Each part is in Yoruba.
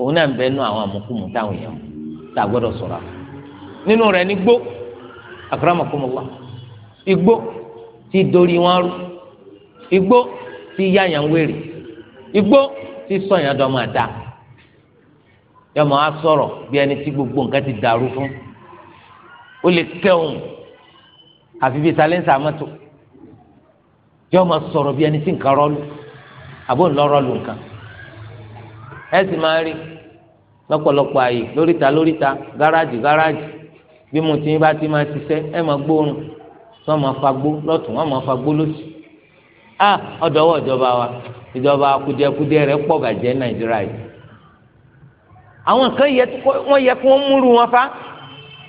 òun náà ń bẹ nú àwọn àmọkùmù táwọn èèyàn tá a gbọ́dọ̀ sọ̀rọ̀ nínú rẹ̀ ní gbó igbó ti dorí wọn rú igbó ti yáyàn wèrè igbó ti sọyàn dọmọ àdá yọmọ á sọ̀rọ̀ bí ẹni tí gbogbo nǹkan ti dàrú fún ó lè kẹun àfi bíi talẹńsà mọtò yọmọ sọ̀rọ̀ bí ẹni tí nǹkan rọlù àbó nǹkan ẹ sì máa rí lọ́pọ̀lọpọ̀ lorita lóríta lóríta gáràjì gáràjì bí mo ti ń bá ti máa ṣiṣẹ́ ẹ máa gbóòórùn tí wọ́n máa fagbó lọ́tún wọ́n máa fagbó wa ìjọba kùdìẹ̀kùdìẹ̀ rẹ pọ bàjẹ́ nàìjíríà yìí. àwọn kan yẹ yẹ kí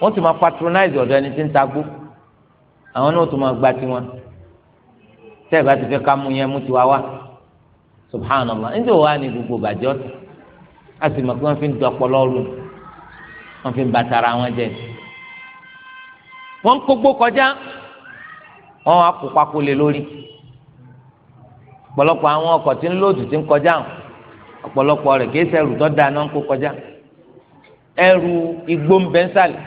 wọn patronize ọdọ ẹni tí ń àwọn náà máa gba tiwọn bá ti ká mú yẹn mú ni gbogbo bàjẹ́ a sì mọ̀ pé wọ́n fi ń dọ̀pọ̀ lọ́rùn wọ́n fi ń bàtàrà wọn jẹ. wọ́n ń kógbó kọjá wọ́n á kó pákó lé lórí ọ̀pọ̀lọpọ̀ àwọn ọkọ̀ tí ń lóòtù tí ń kọjá ọ̀pọ̀lọpọ̀ rẹ̀ kìí ṣẹrù tó dáa náà ń kó kọjá ẹrù igbó ń bẹ́ ń sàlẹ̀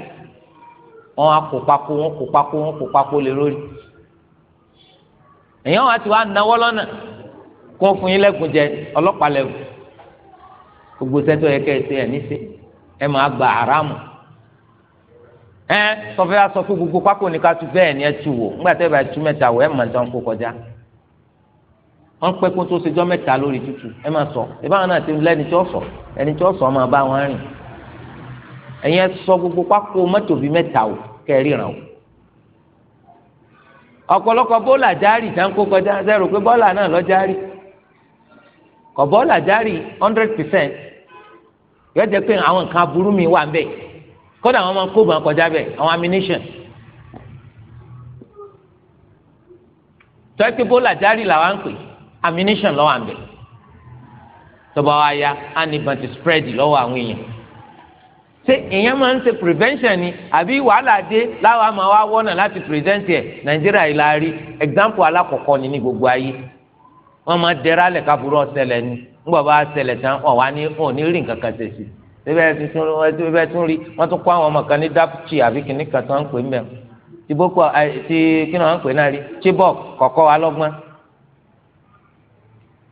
wọ́n á kó pákó wọ́n kó pákó wọ́n kó pákó lé lórí èèyàn wá ti wá náwó lọ́nà kó fún yín lẹ́gùn jẹ ọlọ́pàá lẹ́gùn gbogbo sẹ́tọ̀ yẹ kẹ́sẹ̀ ẹ̀ níṣẹ́ ẹ máa gba àràmù ẹ sọfẹ́ wa sọ fún gbogbo pákó ní ká tu bẹ́ẹ̀ ni ẹ tu wò ńgbà tẹ́ bá tu mẹ́ta wò ẹ máa dán kó kọjá wọ́n pẹ́ kó tó ṣèjọ́ mẹ́ta lórí tútù ẹ máa sọ ìbáwọn náà ti lẹ́ni tí ó sọ ẹni tí ó sọ máa bá wọn rìn ẹ̀yin ẹ sọ gbogbo pákó mọ́tò bíi mẹ́ta wò kẹ́ ẹ wò ọ̀pọ̀lọpọ̀ bọ́ọ̀lù àjárì tá kó kọjá zero pé bọ́ọ̀lù náà lọ járì kọ̀ bọ́ọ̀lù àjárì hundred percent yóò jẹ́ pé àwọn nǹkan aburú mi wà bẹ́ẹ̀ kódà àwọn máa ń kóbọn kọjá àwọn ammunition tọ́ pé bólà járì làwọn ń pè ammunition lọ́wọ́ àbẹ̀ tọba wa ya anibọn ti spread lọ́wọ́ àwọn èèyàn ṣé èèyàn máa ń ṣe prevention ni àbí wàhálà dé láwọn àmọ́ wa wọ́nà láti present ẹ̀ nàìjíríà yìí example alákọ̀ọ́kọ́ ni ní gbogbo ayé wọ́n máa dẹrálẹ̀ káburú ọ̀sẹ̀ lẹ́nu ńgbọ̀ bá ṣẹlẹ̀ tán ọ̀ wá ní ọ̀ ní rí nǹkan kan ṣe sí bẹ́ẹ̀ ti tún bẹ́ẹ̀ tún rí wọ́n tún kó àwọn ọmọ kan ní dapchi àbí kìnnì kan tó ń pè mẹ́ ti boko ti kí ni wọ́n ń pè náà rí chibok kọ̀kọ́ wa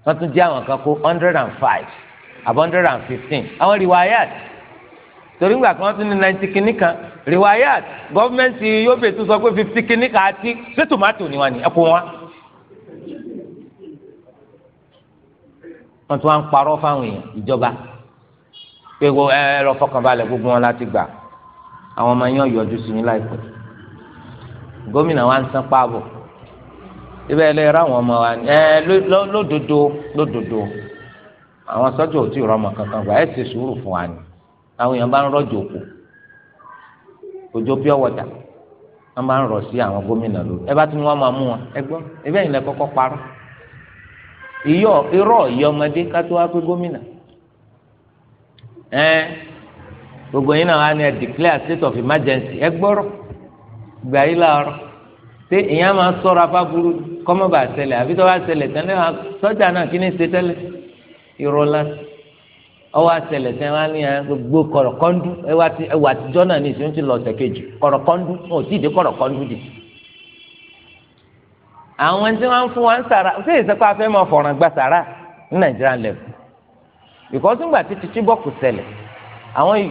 wọ́n tún jẹ́ àwọn kan kó hundred and five àbí hundred and fifteen àwọn riwayat torí ngbà kan tún ní ninety kìnnì kan riwayat gọ́fíńmẹ́ntì yóò bẹ̀ sọ pé fifty kìnnì kan àti ṣé tòmátò ni wọ́n ní ẹ̀kọ́ wọn. wọ́n ti wá ń parọ́ fáwọn èèyàn ìjọba pé wo ẹ ẹ lọ fọkànbalẹ̀ gbogbo wọn láti gbà àwọn ọmọ yẹn yọjú sí mi láìpẹ́ gómìnà wa ń san páàbọ̀ ibẹ̀ ẹ lè ra àwọn ọmọ wa ní ẹ lódodo lódodo àwọn sọ́jà ò tí ì rọmọ kankan gbà ẹ ti sùúrù fún wa ni àwọn èèyàn bá ń rọ̀jò òkú òjò pure water wọ́n bá ń rọ̀ sí àwọn gómìnà lórí ẹ bá tún wọn máa mú wọn ẹ gbọ́ ẹ bẹ́ẹ̀ ni lẹ kọ́kọ́ parọ́ ìyọ irọ́ ìyọ ọmọdé kátó wá pé gómìnà ẹ gbogbo yín náà wá ní ẹ declare state of emergency ẹ gbọ́rọ̀ gbà yín láàárọ̀ ṣé ìyá máa sọ̀rọ̀ afáburú kọ́mọ́bà ṣẹlẹ̀ àbí tó bá ṣẹlẹ̀ tẹ́lẹ̀ sọ́jà náà kí ni ṣe tẹ́lẹ̀ irọ́ láti ọwọ́ àṣẹlẹ̀ tẹ́ wá ní gbogbo kọ̀rọ̀kọ́ndú ẹwà àtijọ́ náà ní ìṣẹ́ ti lọ ọ̀sẹ̀ kejì kọ̀rọ̀kọ́ndú wọn ò tí dì í àwọn tí wọ́n ń fún wa ń sàrà ṣé ìsẹ́pá afẹ́ máa fọ̀ràn gba sàrà ní nàìjíríà lẹ́kọ̀ọ́ because ńgbà tí títí bọ́ọ̀kù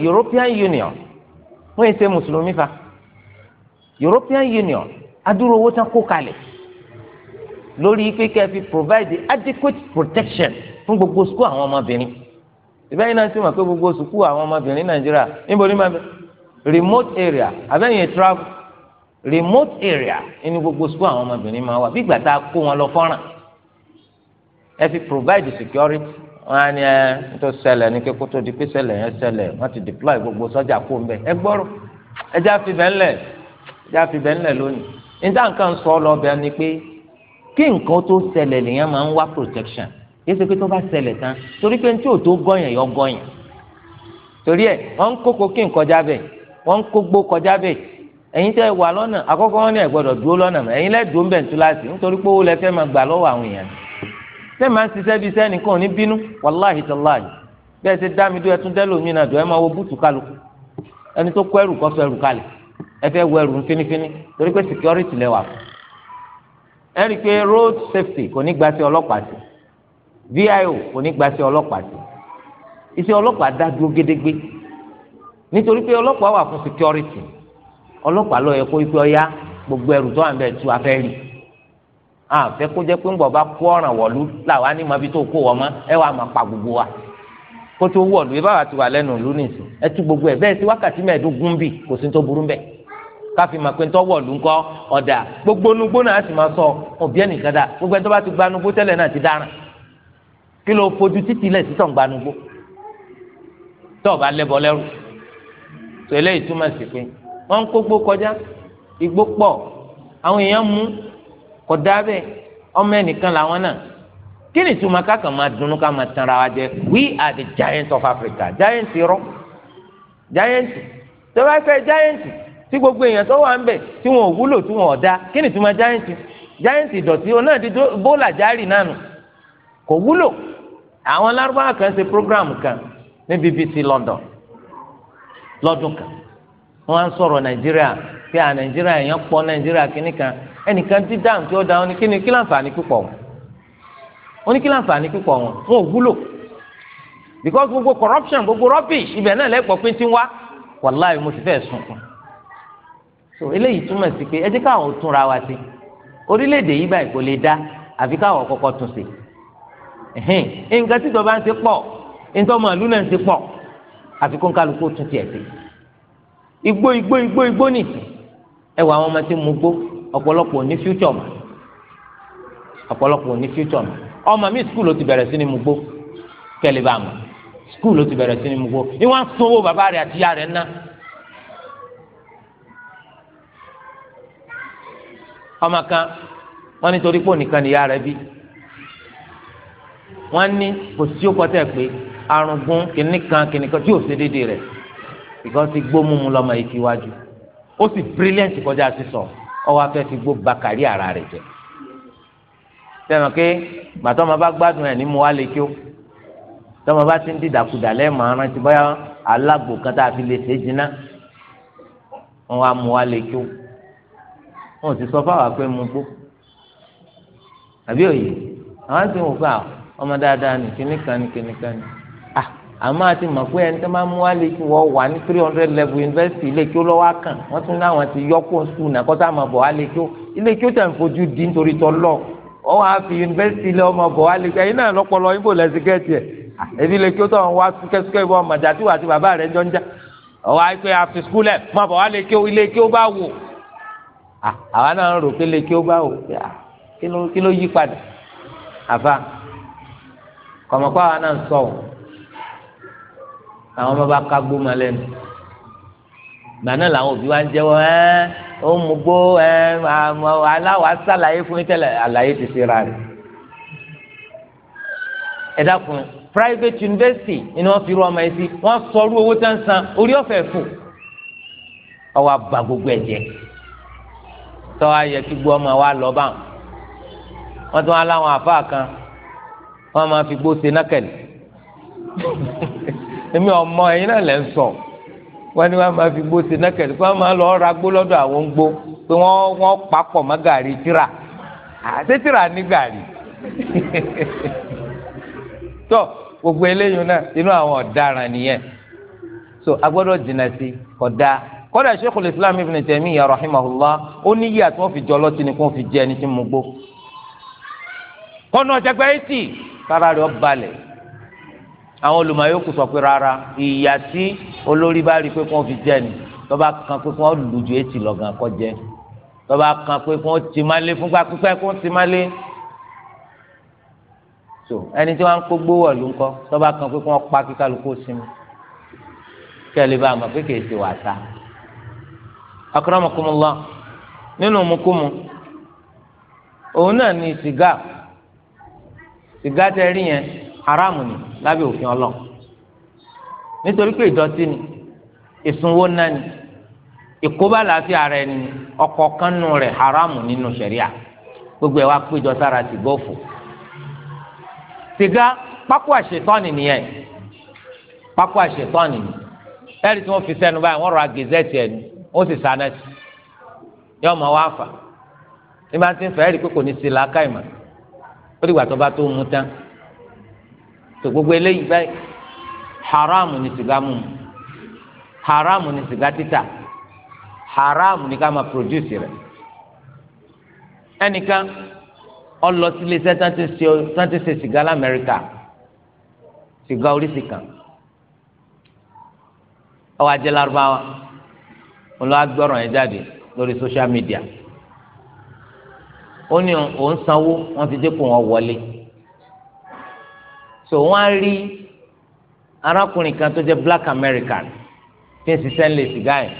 European Union wọ́n yìí ṣe mùsùlùmí fa European Union adúrò owó tán kó kalẹ̀ lórí provide adequate protection fún gbogbo sukú àwọn ọmọbìnrin ìbẹ́yìn náà sì mọ̀ pé gbogbo sukú àwọn ọmọbìnrin Nàìjíríà níbo ma máa remote area abẹ́yìn travel remote area ní gbogbo sukú àwọn ọmọbìnrin máa wà bí ìgbà tá a kó wọn lọ fọ́nrán ẹ fi provide security wọn á ní ẹ nítorí ṣẹlẹ̀ ní kíkó tó di pé ṣẹlẹ̀ yẹn ṣẹlẹ̀ wọn ti deploy gbogbo sọ́jà kó ń bẹ ẹ gbọ́rọ̀ ẹ já fi bẹ́ẹ̀ ńlẹ̀ já fi bẹ́ẹ̀ ńlẹ̀ lónìí níta nǹkan sọ lọ bẹ́ẹ̀ ni pé kí nǹkan tó ṣẹlẹ̀ lèyàn máa ń wá protection yìí ṣe pé tó bá ṣẹlẹ̀ tán torí pé tí ò tó gọ́yàn yọ gọ́yàn torí ẹ wọ́n ń kókó kí nǹkan jábẹ̀ wọ́n ń kógbó kọjá bẹ́ẹ̀ ẹ̀yin tẹ́ wà lọ́nà àkọ́kọ́ wọn ni ẹ gbọ́dọ̀ dúró lọ́nà mọ́ ẹ̀yin lẹ dúró bẹẹ ntúlásì nítorí pé owó lẹ fẹ́ máa gbà lọ́wọ́ àwọn èèyàn tẹ́ máa ń ṣiṣẹ́ bíi sẹ nìkan ní bínú wàláhì tàláhì wo kálukú ẹni tó ẹrù ẹrù ẹ wọ ẹrù fínífíní torí pé security lẹ wà fún ẹ rí i pé road vio kò ní gba sí sí dá dúró gédégbé nítorí pé ọlọ́pàá ló yẹ kó ikú ọyá gbogbo ẹrù tó wà níbẹ̀ tú afẹ́ rí àfẹ́ kó jẹ́ pé ń bọ̀ bá kó ọ̀ràn wọ̀lú làwa ní ma fi tó kó wọ́n mọ́ ẹ wàá máa pa gbogbo wa kó tó wọ̀lú ẹ bá wà ti wà lẹ́nu ìlú nìsín ẹ tú gbogbo ẹ bẹ́ẹ̀ sí wákàtí mẹ́ẹ̀ẹ́dógún bì kò sí tó burú bẹ́ẹ̀ káfí ma pé ń tọ́ wọ̀lú ńkọ́ ọ̀dà gbogbo nugbó náà máa sọ òbí ẹnìkan gbogbo ẹ tó bá ti gba nugbó tẹ́lẹ̀ náà ti dáràn kí ló fojú títí lẹ̀ sí tọ̀ǹgbà nugbó tọ́ọ̀ bá lẹ́bọ lẹ́rù tó eléyìí túmọ̀ sí pé wọn ń kógbó kọjá igbó pọ̀ àwọn èèyàn mú kọdá bẹ́ẹ̀ ọmọ ẹnìkan làwọn náà kí ni ìtumọ̀ ká máa dunnú ká máa tanra wa jẹ we are the giants of Africa giants rọ giants tó bá fẹ́ giants tí gbogbo èèyàn tó wà ń bẹ̀ tí wọn ò wúlò tí wọn ò dá kí ni ìtumọ̀ giants giants ìdọ̀tí o náà di bóòlà járì náà nù kò wúlò àwọn lárúbáwá kan ṣe program kan ní BBC London lọ́dún kan wọn á nigeria sọ̀rọ̀ nàìjíríà nigeria à nàìjíríà èèyàn pọ̀ nàìjíríà kínní kan ẹnìkan ti dáhùn tí ó dáhùn ní kíni kí láǹfààní púpọ̀ wọn ó kí láǹfààní wọn wọn ò wúlò because gbogbo corruption gbogbo rubbish ibẹ̀ náà pé tí ń wá wàláì mo so eléyìí túmọ̀ sí pé ẹ jẹ́ káwọn ò túnra wa sí orílẹ̀-èdè yìí báyìí kò lè dá àfi káwọn kọ́kọ́ tún sí nǹkan tí ìjọba ń pọ̀ náà ń ti pọ̀ àfikún igbó igbó igbó igbó nìsí ẹ wọ àwọn ọmọ tí mo gbó ọ̀pọ̀lọpọ̀ ní future mọ́ ọ̀pọ̀lọpọ̀ ní future mọ́ ọmọ mi skul ló ti bẹ̀rẹ̀ sí ni mo gbó kẹ́lẹ́ bá mọ̀ skul ló ti bẹ̀rẹ̀ sí ni mo gbó ni wọ́n á sanwó bàbá rẹ̀ àti ìyá rẹ̀ ná. ọmọ kan wọ́n nítorí pé ònìkan nìyá rẹ̀ bí wọ́n ní kò sí ó kọ́ pé arùngún kìnnìkan kìnnìkan tí ò ṣe déédéé rẹ̀ ìkan ti gbó mímu lọ́mọ yìí síwájú ó sì brilliant kọjá sísọ ọwọ́ afẹ́ fi gbó ba kárí ara rẹ̀ jẹ sẹ́wọ̀n pé gbàtọ́ ma bá gbádùn ẹ̀ ní mu wá lè kí ó tọ́mọ bá ti ń dìdàkudà lẹ́ẹ̀mọ́ arántí bóyá alágbò kan tá a fi lè ṣe jiná wọn wá mu wá lè kí ó wọn ò sì sọ fáwọn pé mu gbó àbí òye àwọn ti ń wò pé ọmọ dáadáa ní kíní kan ní kíní àmọ́ àti mọ̀ pé ẹni tó máa mú wálé kí wọ́n wà ní three hundred level university ilé kí ó lọ́wọ́ kàn wọ́n tún láwọn ti yọkó sùn náà kọ́ sáà máa bọ̀ wálé kí ó ilé kí ó tẹ̀ ń fojú di nítorí tọ́ lọ wọ́n wá fi university ilé ọmọ bọ̀ wálé kí ẹ̀yin náà lọ́pọlọ yín bò lẹ́sìn kẹ́ẹ̀tì ẹ̀ èmi ilé kí ó tọ̀ wá súkẹ́súkẹ́ ìbọn màjà tí wàá ti bàbá rẹ̀ jọ ń já ọwọ́ àìpé àfi skúlẹ̀ máa bọ̀ àwọn ọmọ bá kágbó ma lẹ́nu gbàná làwọn òbí wa ń jẹ́wọ́ ẹ́ ó mú gbó ẹ́ aláwọ̀ asàlàyé fún mi tẹ́lẹ̀ àlàyé ti ṣe ra rẹ̀ ẹ dákun private university ni wọ́n fi rú ọmọ yìí sí wọ́n sọrú owó tán san orí ọ̀fẹ́ fò ọwọ́ àbá gbogbo ẹ̀ jẹ́ tọ́ ayẹ kí gbọ́ ọmọ wa lọ bá wọ́n tún wá láwọn àfáà kan wọ́n máa fi gbó ṣe nákẹ́lì. èmi ọmọ ẹ̀yin náà lẹ́ ń sọ wọ́n ní wọ́n máa fi gbó ṣe nákẹ́tì kí wọ́n máa lọ ra gbó lọ́dọ̀ àwọn gbó pé wọ́n wọ́n papọ̀ mọ́ gàrí tíra àti tíra ní gàrí tó gbogbo eléyìí náà inú àwọn ọ̀daràn nìyẹn so agbọ́dọ̀ jìnnà sí kódà kódà Sheikhul Islam Ibn Taymiyyah rahimahullah ó ní yíyà tí wọ́n fi jọ ọlọ́tí ni kí wọ́n fi jẹ ẹni tí mo gbó kọ́nà ọ̀jẹ̀gbẹ́ 80 kára rẹ̀ àwọn olùmọ̀ yòókù sọ pé rárá ìyà tí olórí bá rí i pé kí wọ́n fi jẹ́ ni tọ́ba kan pé kí wọ́n lù ju etí lọ́gàn kọ́ jẹ́ tọ́ba kan pé kí ti má lé fúnpa pípẹ́ kí ti má lé so ẹni tí wọ́n ń kó gbówó ọ̀lú ńkọ́ tọ́ba kan pé kí wọ́n pa kíkálukú sinmi kẹ́lẹ́ bá a mọ̀ pé kìí ṣe wàtá akramakumullah nínú mukumu òun náà ni sìgá sìgá tẹ rí yẹn haramu ni lábẹ́ òfin Ọlọ́run nítorí pé ìdọ̀tí ni ìsúnwó náà ni ìkóbá làásì ara ẹni ni ọkọ kánú rẹ̀ haramu nínú ṣẹ̀ríà gbogbo ẹ̀ wá péjọ sára ti gbófò sìgá pákó àṣetọ́ni nìyẹn pákó àṣetọ́ni ni ẹ̀rí tí wọ́n fi sẹ́nu báyìí wọ́n rọra gẹ̀zẹ́tì ẹ̀ ni ó sì sáná sí yọ ọmọ wa fà ní bá ti ń fẹ́ ẹ̀rí pé kò ní sí làákàyè mà ó dìgbà tó bá tó mú tán tó gbogbo eléyìí báyìí haramu ni sìgá mu haramu ni sìgá títà haramu ni ká máa produce rẹ̀ ẹnìkan ọlọ sí iléeṣẹ́ tán ti ṣe sìgá lamẹ́ríkà sìgá oríṣi kan ọwọ ajẹ Lárúbáwá olùwàgbọràn yẹn jáde lórí social media ó ní òun sanwó wọ́n ti dé kó wọn wọlé so wọ́n á rí arákùnrin kan tó jẹ́ black american tí ń ṣiṣẹ́ ń lè sìgá yẹn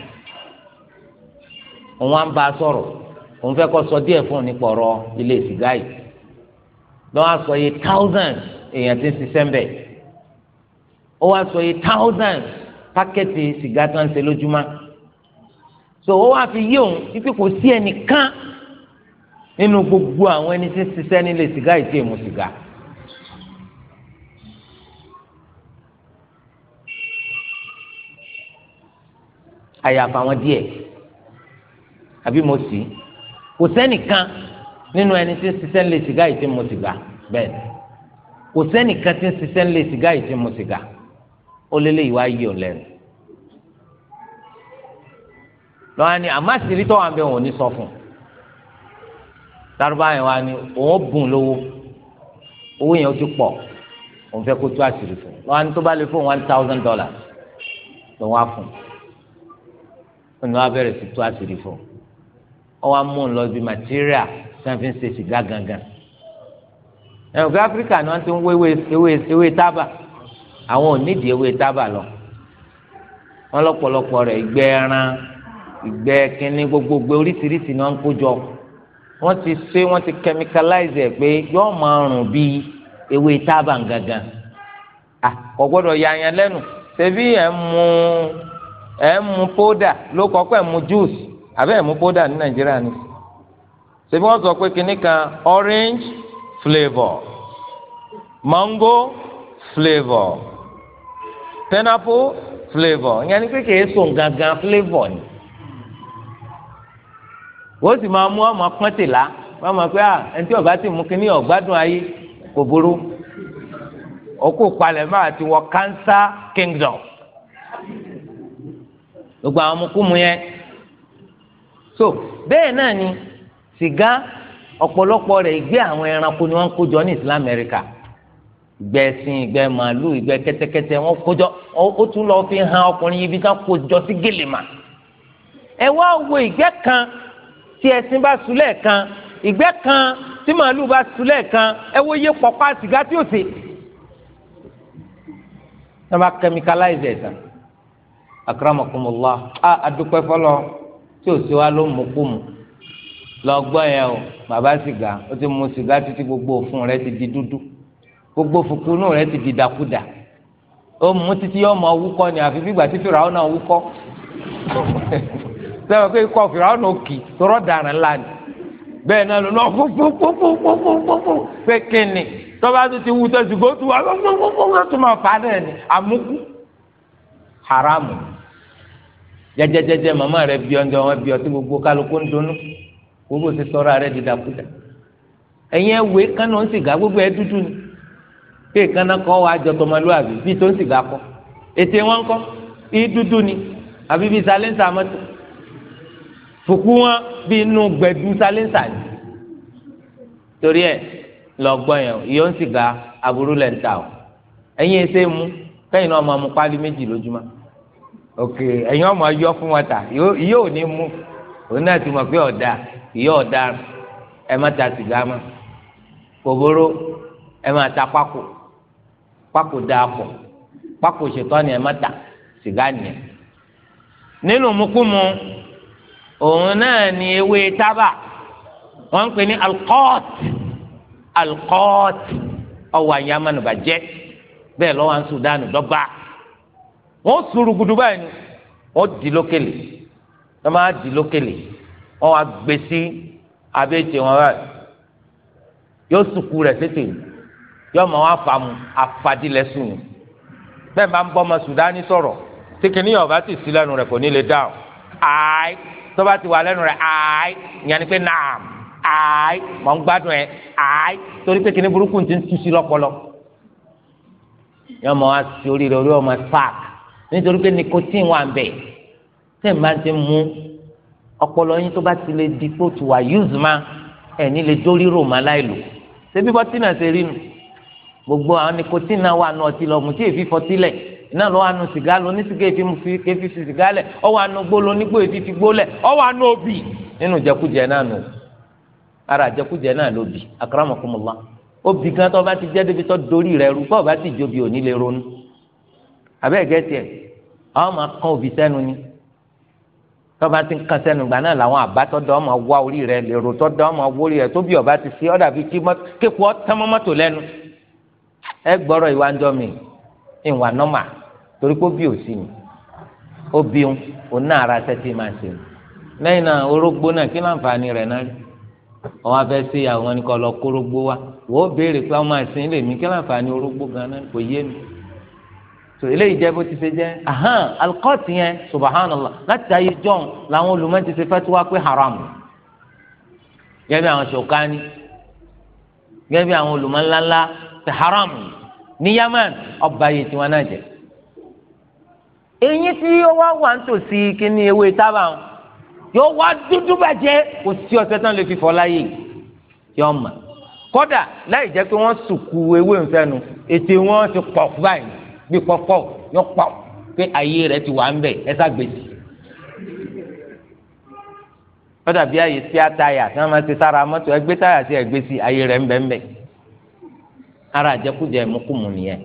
òun á ń bá a sọ̀rọ̀ òun fẹ́ kọ́ sọ díẹ̀ fún un nípa ọ̀rọ̀ ilé sìgá yìí lọ́wọ́ á yìí thousands èèyàn tí ń ṣiṣẹ́ ń ó wá sọ yìí thousands pákẹ́tì sìgá tó ń ṣe lójúmọ́ so ó wá fi yí òun ipe kò sí ẹnìkan nínú gbogbo àwọn ẹni tí ń ṣiṣẹ́ nílé sìgá yìí tí èèmù sìgá. àyàfà wọn díẹ̀ àbí mo sì kò sẹ́nìkan nínú ẹni tí ń ṣiṣẹ́ ńlẹ̀ sìgá yìí tí mo sìgá bẹ́ẹ̀ kò sẹ́nìkan tí ń ṣiṣẹ́ ńlẹ̀ sìgá yìí tí mo sìgá ó lélẹ̀ yìí wá yí ọ̀ lẹ́nu lọ́wọ́ ni àmọ́ àṣírí tó wà ń bẹ wọn ò ní sọ fún un tárúbá yẹn wá ní òun bùn lówó owó yẹn ó ti pọ̀ òun fẹ́ kó tó àṣírí fún lọ́wọ́ ní tó bá lè fún one thousand dollars lọ́wọ́ á fún un ònà wa bẹ̀rẹ̀ sí tó àṣírí fún ọ wa mú un lọ bí material sanfi ń ṣe sìgá gangan ẹnìkan áfíríkà ni wọn ti ń wé ewé tábà àwọn ò nídìí ewé tábà lọ wọn lọ́pọ̀lọpọ̀ rẹ̀ ìgbẹ́ ẹran ìgbẹ́ kínní gbogbogbò oríṣiríṣi ni wọn ń kó jọ wọn ti ṣe wọn ti chemicalize ẹ pé yọọ máa rùn bíi ewé tábà gangan à kò gbọ́dọ̀ yà yẹn lẹ́nu ṣebí ẹ mú un ẹ̀ ń mu pódà ló kọ́ pé mu juice àbẹ́ ẹ̀ mu pódà ní nàìjíríà ni ṣebí wọ́n sọ pé orange flavour mango flavour pineapple flavour ìyẹn ni pé kìí sùn gangan flavour ni wọ́n sì máa mú ọmọ pọ́ńtìlá wọ́n máa pé à ẹni tí ọba ti mú kinní ọ̀gbádùn ayé kò burú òkú palẹ̀ máa ti wọ cancer kingdom. gbogbo àwọn ọmọkùnmu yẹn so bẹ́ẹ̀ náà ni sìgá ọ̀pọ̀lọpọ̀ rẹ̀ ìgbẹ́ àwọn ẹranko ni wọ́n ń kó jọ ní Islam America ìgbẹ́ ẹṣin ìgbẹ́ màálù ìgbẹ́ kẹ́tẹ́kẹ́tẹ́ wọ́n kó jọ ó tún lọ́ọ́ fi hàn ọkùnrin ibi tí wọ́n kó sí gèlèmà ẹ wá wo ìgbẹ́ kan tí ẹṣin bá sulẹ̀ kan ìgbẹ́ kan tí màálù bá sulẹ̀ kan ẹ wo iye pọ̀pá sìgá tí ó ṣe. wọ́n bá kẹ́míkàláìzì ẹ̀sán akramakumullah a adúpẹ́ fọlọ́ tí ò sí wa ló mú kú mu lọ́gbọ́n yẹn o bàbá sìgá ó ti mu sìgá títí gbogbo òfun rẹ ti di dúdú gbogbo fukunu rẹ ti di dàkúdà ó mu títí yọ ọmọ wúkọ ni àfi bí ìgbà tí fìrà ọ̀nà wúkọ sẹ́wọ̀n pé ikọ̀ fìrà ọ̀nà òkì tọrọ dàrán ńlá ni bẹ́ẹ̀ náà lọ́nà fúnfúnfúnfúnfúnfún pé kíni tọ́ba tó ti wú tó ti gbó tó wà fúnfúnfúnfún tó máa fà á náà ni àmúkú haramu jẹjẹjẹjẹ màmá rẹ bí ọjọ wọn bí ọtí gbogbo kálukú ń dunnú gbogbo ti sọ̀rọ̀ rẹ di dàkúdà ẹyin ẹwẹ kánà ń sìgá gbogbo ẹ dúdú ni pé kánà kọ wà jọ tọmọlúwàbí bí tó ń sìgá kọ ètè wọn kọ í dúdú ni àbí bí salẹńsà mọtò fòkú wọn bí inú gbẹdú salẹńsà ni torí ẹ lọgbọn yẹn ìyọ ń sìgá aburú lẹ ń ta o ẹyin ẹsẹ mú kẹyìn náà máa mú pálí méjì lójúmọ́ òkè ẹ̀yin ọmọ ayọ fún wọn ta yóò ní mú òun náà ti mọ̀ pé ọ̀dà ìyá ọ̀dà ẹ má ta sìgá mọ́ kòbóró ẹ má ta pákó pákó dáa pọ̀ pákó ṣètọ́ ni ẹ má ta sìgá nìyẹn nínú mukumu òun náà ni ewé tábà wọ́n ń pè ní alkọt alkọt ọwọ àyàmánu bàjẹ́ bẹ́ẹ̀ lọ́wọ́ Sudan dọ́gba wọ́n sùúrù gudu báyìí ni wọ́n di lókèlè wọ́n máa di lókèlè wọ́n wá gbé sí abẹ́ ètè wọn báyìí yóò sùkú rẹ̀ tètè yóò máa wá fàmù àfàdílẹ̀ sùn ni bẹ́ẹ̀ bá ń bọ́ ọmọ sùdání sọ̀rọ̀ tí kìnìún ọba ti sí lẹ́nu rẹ̀ kò ní lè dáhùn àì tọ́ba ti wà lẹ́nu rẹ̀ àì ìyẹn ni pé nàám àì mọ̀ ń gbádùn ẹ̀ àì torí pé kìnìún burúkú ti ń tú sí lọ́pọlọ yóò máa wá sí oríire orí ọmọ sáàkì nítorí pé nicotine wà ń bẹ̀ tẹ̀ máa ti mú ọpọlọ yín tó bá ti lè di kó tù wá ma ẹni lè dórí ròmà láìlò ṣébí bọ́tí náà ṣe rí nu gbogbo àwọn nicotine náà wà nù ọtí lọ mú tí èéfì fọtí lẹ̀ iná lọ́wọ́ àánú sìgá lọ ní sìgá èéfì kéfì fi sìgá lẹ̀ ọwọ́ àánú gbó lọ nígbó èéfì fi gbó lẹ̀ ọwọ́ àánú òbí nínú jẹkújẹ náà nù ara jẹkújẹ náà lóbi akaramakumula òbí gan tó bá ti jẹ́ débi tó dórí rẹ̀ rú bọ́ọ̀ bá ti jóbi òní lè ronú àbẹ́ẹ̀ gẹ́tì ẹ̀ àwọn máa kán òbí sẹ́nu ni tọ́ba ti ń kan sẹ́nu gbà náà làwọn àbátọ́dọ́ ọmọ wá orí rẹ lèrò tọ́dọ́ ọmọ wó orí rẹ tó bí ọba ti fi ọ̀dà fi kéku ọtán mọ́tò lẹ́nu ẹ gbọ́rọ̀ ìwà ń jọ mi ìwà nọ́mà torí pé ó bí òsì mi ó bí òun òun náà ara ṣẹ́ tí máa ṣe lẹ́yìn náà orógbó náà kí láǹfààní rẹ̀ náà rí wọn wá fẹ́ ṣe àwọn ẹnìkan lọ kórógbó wa wọ́n béèrè pé ọmọ àìsàn ilé mi kí láǹfààní orógbó so eléyìí jẹ bó ti ṣe jẹ ahan alikọọti yẹn subahánàlá láti ayé john làwọn olùmọ̀ ti ṣe fẹtiwa pé haram gẹ́gẹ́ bí àwọn ṣòkání gẹ́gẹ́ bí àwọn olùmọ̀ ńláńlá ti haram ní yaman ọba yìí tiwọn náà jẹ eyín tí ó wá wà nítòsí kíní ewé tábà yóò wá dúdú bàjẹ́ kò sí ọ̀sẹ̀ tán lè fi fọ́ láyé yọ̀ọ́ mà kódà láì jẹ́ pé wọ́n sùkú ewé ńfẹ́ nu ètè wọn ti pọ̀ báyìí bí pọpọ yọ pọ pé ayé rẹ ti wà ń bẹ ẹ ságbèsì ó dàbí àyè sí àtàyà tí wọn máa ti sára mọ́tò ẹgbẹ́ táyà sí ẹgbẹ́ ayé rẹ ń bẹ ń bẹ ara àjẹkújẹ mọkùmù nìyẹn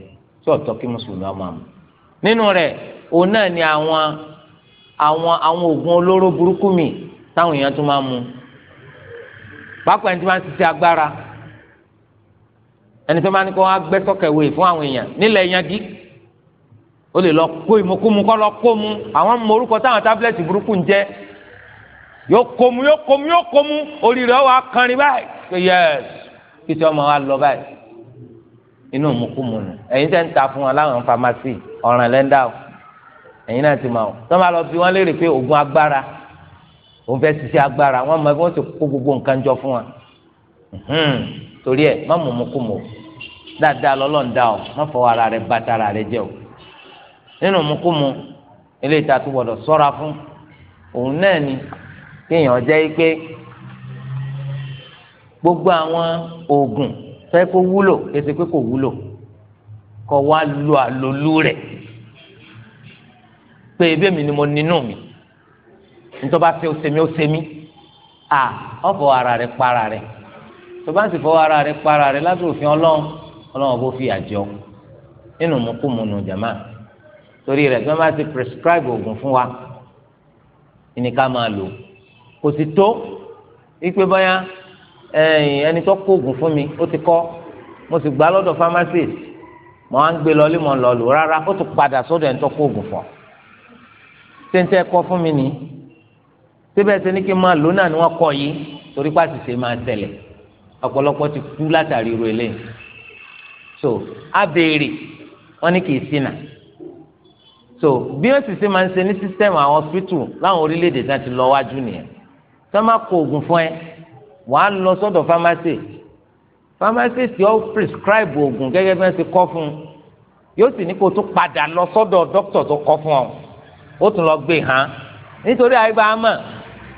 tí ọ̀tọ̀ kí mùsùlùmí ọmọ àmọ́ nínú rẹ òun náà ni àwọn àwọn àwọn oògùn olóró burúkú mi táwọn èèyàn tún máa mu pápá ẹni tí wọn ti ti agbára ẹni tó máa ní kó wọn gbẹ sọkẹwé fún àwọn èèyàn nílẹ̀ yangí ó lè lọ kó ìmúkúmu kọ́ lọ kó mu àwọn mọ orúkọ táwọn tábìlẹ̀tì burúkú ń jẹ́ yóò kó mu yóò kó mu yóò kó mu orí rẹ̀ wà kànrin báyìí pé yẹ́s kí tí ọmọ wa lọ báyìí inú ìmúkúmu nù ẹ̀yin tẹ́ ń ta fún wọn láwọn famasi ọ̀ràn lẹ́ńdà o ẹ̀yin náà ti mọ̀ ọ́ tọ́ ma lọ bí wọ́n léèrè pé oògùn agbára òun fẹ́ ṣiṣẹ́ agbára wọ́n mọ wọ́n ti kó gbogbo nǹkan jọ fún wa torí ẹ̀ má mú ìmúkúmu dáadáa lọ́lọ́ nínú mukumu ilé ìta tó gbọ́dọ̀ ṣọ́ra fún òun náà ni kéèyàn jẹ́ pé gbogbo àwọn oògùn fẹ́ kó wúlò kése pé kò wúlò kó wá lu àlòlú rẹ̀ pé ebí mi ni mo nínú mi nítorí bá fẹ́ ọ̀sẹ̀ mi ọ̀sẹ̀ mi à ọ̀fọ̀ ara rẹ̀ para rẹ̀ tó bá ń sì fọwọ́ ara rẹ̀ para rẹ̀ lábẹ́ òfin ọlọ́run ọlọ́run bó fi àjọ nínú mukumu nù jàmáà torí rẹ̀ tí wọ́n bá ti prescribe oògùn fún wa ní ká máa lò kò sì tó wípé bóyá ẹni tó kó oògùn fún mi ó ti kọ́ mo sì gbà lọ́dọ̀ pharmacist mo á ń gbé lọlé mo ń lọ lò rárá ó ti padà sọ́dọ̀ ẹni tó kó oògùn fún ọ tẹ́ńtẹ́ kọ́ fún mi nìyí síbẹ̀ ṣe ní kí n máa lò náà ni wọ́n kọ́ yìí torí pàṣìṣe máa tẹ̀lẹ̀ ọ̀pọ̀lọpọ̀ ti kú látàrí irú eléyìí so á béèrè wọ́n ní kì í ṣìnà so bí wọ́n sì ṣe máa ń ṣe ní sísẹ́mù àwọn hospital láwọn orílẹ̀-èdè náà ti lọ wájú nìyẹn tó máa kó oògùn fún ẹ wàá lọ sọ́dọ̀ pharmacy pharmacist yóò prescribe oògùn gẹ́gẹ́ bí wọ́n ṣe kọ fún un yóò sì ní kó tó padà lọ sọ́dọ̀ doctor tó kọ fún ọ ó tún lọ gbé e hàn nítorí àyíká àmọ́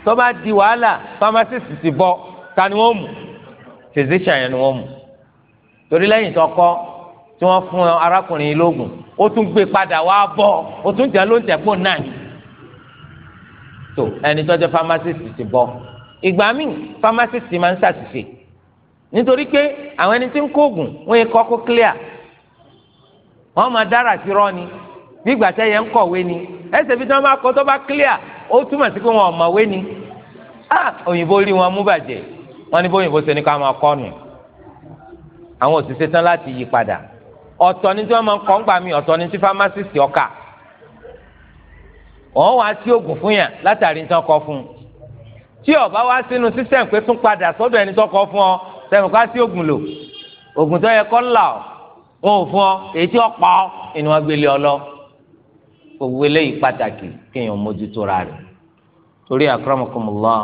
tó bá di wàhálà pharmacist ti bọ́ ta ni wọ́n mú physician yẹn ni wọ́n mú torí lẹ́yìn tó kọ́ tí wọ́n fún arákùnrin yìí lóògùn ó tún gbé padà wá bọ̀ ó tún jẹ́ ló ń tẹ̀kọ́ náà tó ẹni tó jẹ́ ti bọ̀ ìgbà míì pharmacist máa ń ṣàṣìṣe nítorí pé àwọn ẹni tí ń wọ́n yẹ kọ́kọ́ clear wọ́n máa dára sí rọ́ ni bí ìgbà tẹ́ yẹn ni ẹsẹ̀ bí tí bá kọ́ tó bá clear ó túmọ̀ sí pé wọn ò mọ̀wé ni ah! òyìnbó rí wọn mú bàjẹ́ wọn ní ni ká máa kọ́ àwọn òṣìṣẹ́ ọ̀tọ̀ ni tí wọ́n máa ń kọ́ ń gbà mí ọ̀tọ̀ ni tí pharmacist ọkà wọ́n wá sí oògùn fún yàn látàrí nǹkan kọ fún un tí ọba wá sínú system pé tún padà sọ́dọ̀ ẹni tó kọ fún ọ sẹ́mi ká sí oògùn lò oògùn tó yẹ kọ́ là ọ́ wọn ò fún ọ èyí tí ó pa ọ́ ìní wọn gbélé ọ lọ gbogbo eléyìí pàtàkì kéèyàn mójútó ra rẹ̀ torí akramakumullah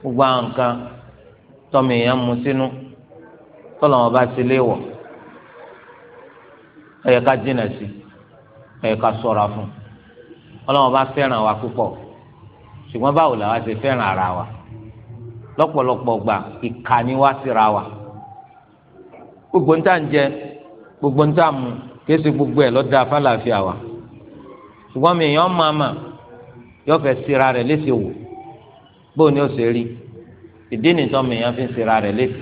gbogbo àwọn nǹkan tọ́mọ èèyàn mú sínú tọ́lọ́mọba sílé wọ̀ ẹ yẹ ká jìnnà sí ẹ yẹ ká ṣọ́ra fún Ọlọ́run bá fẹ́ràn wa púpọ̀ ṣùgbọ́n báwo làwa ṣe fẹ́ràn ara wa lọ́pọ̀lọpọ̀ gbà ìkà ni wá síra wa gbogbo ń tà ń jẹ gbogbo ń tà mu kéésì gbogbo ẹ̀ lọ́dà fàlàfíà wa ṣùgbọ́n mi èèyàn máa mà yóò fẹ́ síra rẹ̀ léṣe wò bóun ni ó ṣe rí ìdí nìtọ́ mi èèyàn fi ń síra rẹ̀ léṣe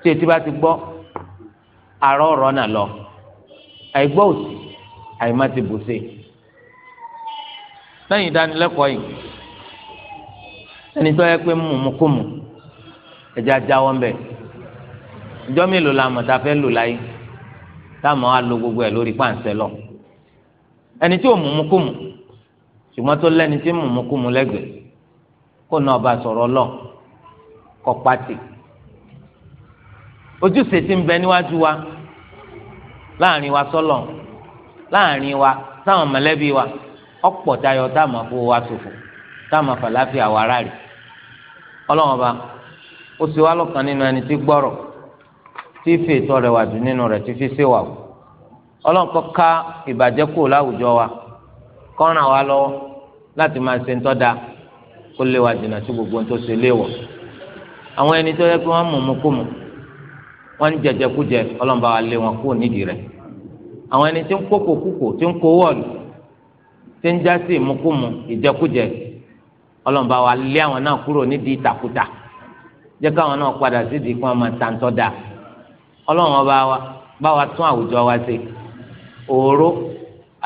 tí etí bá ti gbọ́ àárọ̀ ọ̀rọ̀ náà lọ àìgbọ́ òsì àìmá ti bùsè lẹ́yìn ìdánilẹ́kọ̀ọ́ yìí ẹni tó yẹ pé mú mu kú mu ẹja jáwọ́ mbẹ́ ìjọ mélòó la mọ̀ tá a fẹ́ lò láyé tá a mọ̀ á lo gbogbo ẹ̀ lórí pàǹsẹ́ lọ ẹni tí ò mú mu mu ṣùgbọ́n tó lẹ́ni tí mú mu mu lẹ́gbẹ̀ẹ́ kó náà bá sọ̀rọ̀ lọ kọ́ pàtì ojúṣe ti ń bẹ níwájú wa. Juwa, láàrin wa sọ́lọ̀ láàrin wa táwọn mọ̀lẹ́bí wa ọ̀pọ̀ táwọn dáàmà fún wa ṣòfò dáàmà fàlàfíà wa ráàlì ọlọ́wọ́n ba ó sì wá lọ́kàn nínú ẹni tí gbọ́rọ̀ tí fi ètò rẹ̀ wà dùn nínú rẹ̀ tí fi ṣe wà o ọlọ́nkọ́ ká ìbàjẹ́ kù láwùjọ wa kọ́ràn wa lọ́wọ́ láti máa ṣe ń da kó lè wà dènà sí gbogbo ohun tó ṣe léèwọ̀ àwọn ẹni tó yẹ kí wọ́n mú mú kú mú. wọn ń jẹjẹ jẹ ọlọ́mọba wa lé wọn kúrò nídìí rẹ àwọn ẹni tí ń kókò kúkò tí ń kó wọ́ọ̀lù tí ń já sí ìmukúmu ìjẹkújẹ ọlọ́mọba wa lé àwọn náà kúrò nídìí ìtàkùtà káwọn náà padà ta wa bá wa tún àwùjọ wa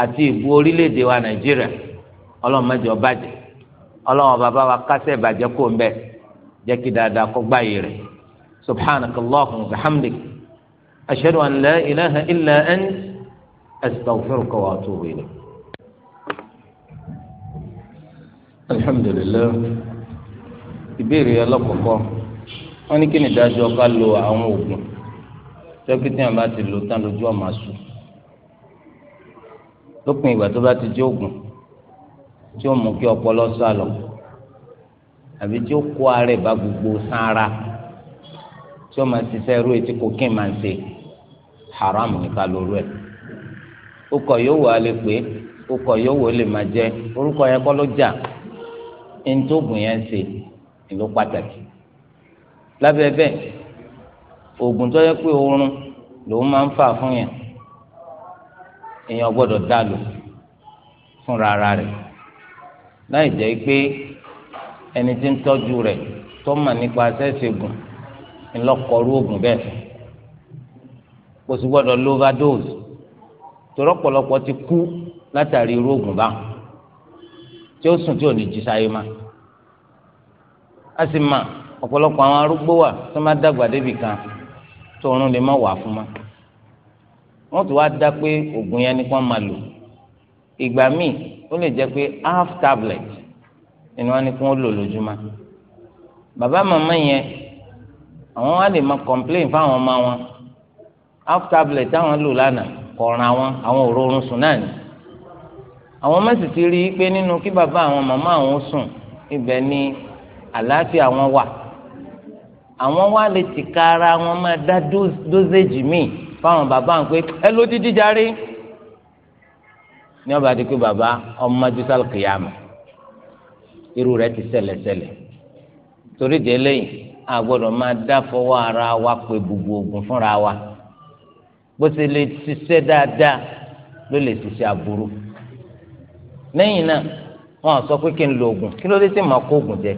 àti ìbú wa nàìjíríà bá wa kó ń kí dáadáa kó gbáyé سبحانك allahumma wa أشهد أن لا إله إلا أنت أستغفرك astaghfiruka wa atubu ilayk. alhamdulillah ìbéèrè ọlọ́kọ̀ọ́kọ́ wọ́n ní kí ni ìdájọ́ ká lo àwọn oògùn dókítà yẹn bá ti lò tán lójú ọ̀ma sùn lópin ìgbà tó bá ti jẹ́ oògùn tí ó mú kí ọpọlọ sálọ àbí tí ó kó ara ẹ̀ bá gbogbo sára tí ó máa ń ṣiṣẹ́ irú etí kokéè máa ń ṣe haram ní ká lóru ẹ̀ ọkọ̀ yóò wọ alẹ́ pé ọkọ̀ yóò wọ lè máa jẹ orúkọ yẹn kọ́ ló jà ntògùn yẹn ṣe ìlú pàtàkì lábẹ́ bẹ́ẹ̀ oògùn tó yẹ pé oorun lòun máa ń fà fún yẹn èèyàn gbọ́dọ̀ dá lò fúnra ara rẹ̀ láì jẹ́ pé ẹni tí ń tọ́jú rẹ̀ tó mà nípa sẹ́sẹ̀gùn ńlọkọrú oògùn bẹ́ẹ̀ kò sì gbọ́dọ̀ loverdose torọ́pọ̀lọpọ̀ ti kú látàrí irú oògùn bá tí ó sùn tí ò ní jí sáyé má a sì mà ọ̀pọ̀lọpọ̀ àwọn arúgbó wà tó má dàgbà débì kan tó oorun lè má wà fún ma wọ́n tún wá dá pé oògùn yẹn ni kò máa lò ìgbà míì ó lè jẹ́ pé half tablet ni wọ́n ní kó lò lójúmọ́ bàbá màmá yẹn àwọn wá lè máa complain fáwọn ọmọ wọn half tablet táwọn lò lánàá kọ̀ọ̀ràn wọn àwọn òróorun sùn náà ni àwọn ọmọ sì ti rí i pé nínú kí bàbá àwọn màmá àwọn sùn ibẹ̀ ni àlàáfíà wọn wà àwọn wá lè tìka ara wọn máa dá dóséjì míì fáwọn bàbá wọn pé ẹ ló dídí járe ní ọba àti pé bàbá ọmọ jùsàl kìyàmù irú rẹ̀ ti ṣẹlẹ̀ ṣẹlẹ̀ torí délé yìí a gbọ́dọ̀ máa dá fọwọ́ ara wa pé gbogbo oògùn fúnra wa bó ṣe lè ṣiṣẹ́ dáadáa ló lè ṣiṣẹ́ aburú lẹ́yìn náà wọn sọ pé kí n lo oògùn kí ló dé tí màá kó oògùn jẹ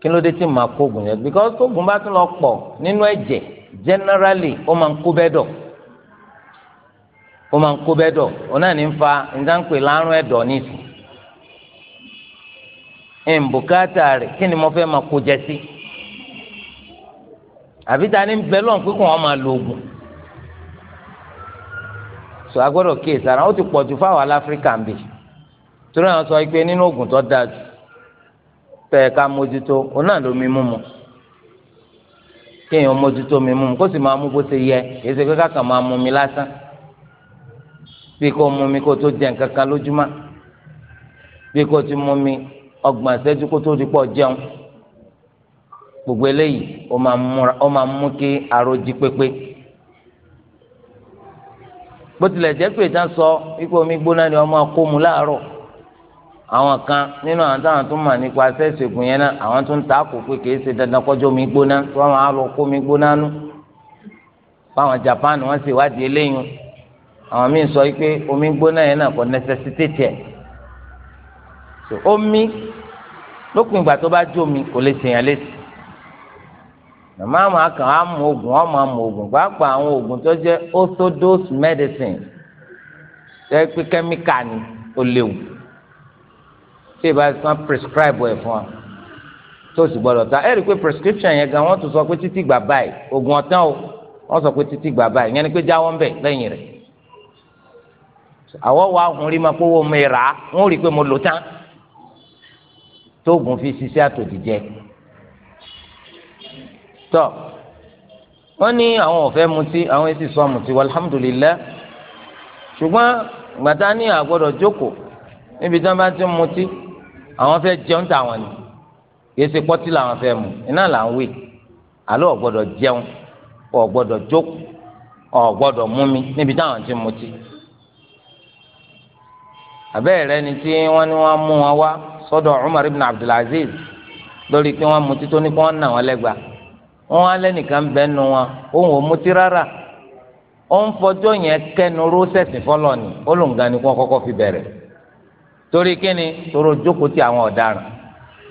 kí ló dé tí màá kó oògùn jẹ because oògùn bá tún lọ pọ̀ nínú ẹ̀jẹ̀ generally ó máa ń kó bẹ́ẹ̀ dọ̀ ó máa ń kó bẹ́ẹ̀ dọ̀ ó náà ní fa ìdáǹpẹ̀ láàrún ẹ̀dọ̀ nísìnyí ẹ̀ ń bùkátà rẹ̀ kí ni mo fẹ́ máa kó jẹ sí àbí ta ni bẹ́ẹ̀ lọ́n pé kò wọ́n máa lo oògùn sọ agbọ́dọ̀ kíyè sára ó ti pọ̀ ju fáwọn aláfíríkà ń bì torí àwọn sọ pé nínú oògùn tó dáa jù tẹ̀ ká mójútó òun náà ló mi mú mu kéèyàn mójútó mi mú mu kó sì máa mú bó ṣe yẹ kì ṣe pé kákan máa mú mi lásán bí kò mú mi kó tó jẹ nǹkan kan lójúmọ́ bí kò ti mú mi ọgbọ̀n ìṣẹ́jú kó tó di pọ̀ jẹun gbogbo eléyìí ó máa mú kí aró jí pépé bó tilẹ̀ jẹ́ pé ìtàn sọ wípé omi gbóná ni ọmọ kó mu láàárọ̀ àwọn kan nínú àwọn táwọn tó mọ̀ nípa sẹ́ẹ̀sìgùn yẹn náà àwọn tó ń ta kò pé kìí ṣe dandan kọjọ́ omi gbóná tí wọ́n máa lọ kó omi gbóná nú báwọn Japan wọ́n ṣèwádìí eléyìí àwọn míì sọ wípé omi gbóná yẹn náà kò nẹ́sẹ̀sítẹ́tì ẹ̀ so omi lópin ìgbà tó bá jó omi kò lè ṣèyàn létí màmá àwọn akàn á mọ oògùn á mọ àmọ oògùn pàápàá àwọn oògùn tó jẹ orthodox medicine jẹ pé kẹ́míkà ni ó léwu tí ìbá ti wọn prescribe ẹ fún wa tó sì gbọ́dọ̀ ta ẹ rí i pé prescription yẹn gan wọn tún sọ pé títí gbà báyìí oògùn ọ̀tán o wọn sọ pé títí gbà báyìí yẹn ni pé jáwọ́ ń bẹ̀ lẹ́yìn rẹ̀ àwọn wa hùn rí ma pé wọ́n mi rà á rí i pé mo lò tán tóògùn fi ṣiṣẹ́ àtòjì jẹ tọ wọn ní àwọn ọ̀fẹ́ mutí àwọn etí sọ mutí walhamdulillah ṣùgbọ́n gbàtà ní àgbọ̀dọ̀ jókòó níbi tí wọ́n bá ti mutí àwọn fẹ́ jẹun táwọn ni kìí ṣe pọ́tì làwọn fẹ́ mu iná là ń wè àlọ́ ọ̀gbọ́dọ̀ jẹun ọ̀gbọ́dọ̀ jókòó ọ̀gbọ́dọ̀ mumi níbi táwọn ti mutí àbẹ́ẹ̀rẹ́ ni tí wọ́n ní wọ́n mú wọn wá sọ́dọ̀ Umar ibn Abdulaziz lórí pé wọ́n mutí tó ní kí wọ́n nà wọ́n lẹ́gba wọ́n alẹ́ nìkan bẹ́ẹ̀ nu wọn òun ò mutí rárá ó ń yẹn kẹnu rósẹ̀sì fọlọ́ ni ó ni kí wọ́n kọ́kọ́ fi bẹ̀rẹ̀ torí kíni toro jókòó ti àwọn ọ̀daràn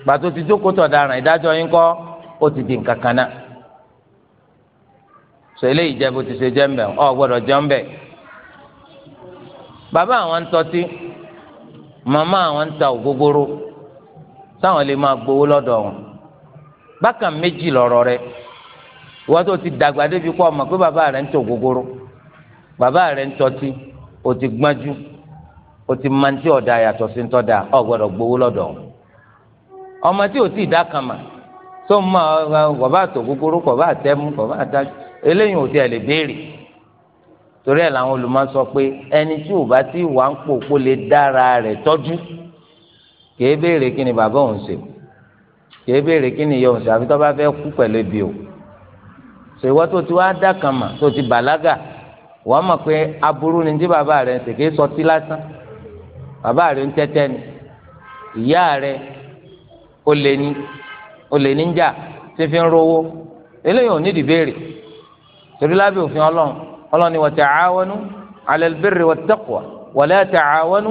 gbàtó ti jókòó ti ọ̀daràn ìdájọ́ yín kọ́ ó ti di nǹkan kan náà sọ eléyìí jẹ́ bó ti ṣe jẹ́ mbẹ́ ọ gbọ́dọ̀ jẹ́ mbẹ́ bàbá àwọn ń tọ́tí màmá àwọn ń ta ògógóró sáwọn lè máa gbowó lọ́dọ̀ wọn bákan méjì lọ̀rọ̀ rẹ̀ ìwọ tó ti dàgbà débi kọ́ ọmọ pé bàbá rẹ̀ ń tọ́ gogoro bàbá rẹ̀ ń tọ́tí o ti gbájú o ti máa ń tí ọ̀dà yàtọ̀ sí ń tọ́da ọ̀ gbọ́dọ̀ gbowó lọ́dọ̀ wọn ọmọ tí o ti dá kan mà tó ń mọ bàbá àtọ̀ gogoro bàbá àtẹ́mú bàbá àtàjù eléyìí ò tiẹ̀ lè béèrè torí ẹ̀ làwọn olùmọ̀ sọ pé ẹni tí ò bá ti wà ń pò lè dára rẹ̀ tọ́jú kèé béèrè kí ni bàbá òun ṣe kèé béèrè kí ni ìyá òun ṣe àfi tó bá fẹ́ kú pẹ̀lú ebi o ṣèwọ tó ti wá dá kan mà tó ti bàlágà wọ́n mọ̀ pé aburú ni tí bàbá rẹ̀ ń ṣe kìí sọtí lásán bàbá rẹ̀ ń tẹ́tẹ́ ni ìyá rẹ̀ ó lè ní ó lè ní jà tí fi ń rówó eléyìí ò ní ìdìbéèrè torí lábẹ́ òfin ọlọ́run ọlọ́run ni wa ta'awanu 'ala al-birri wat-taqwa wa la ta'awanu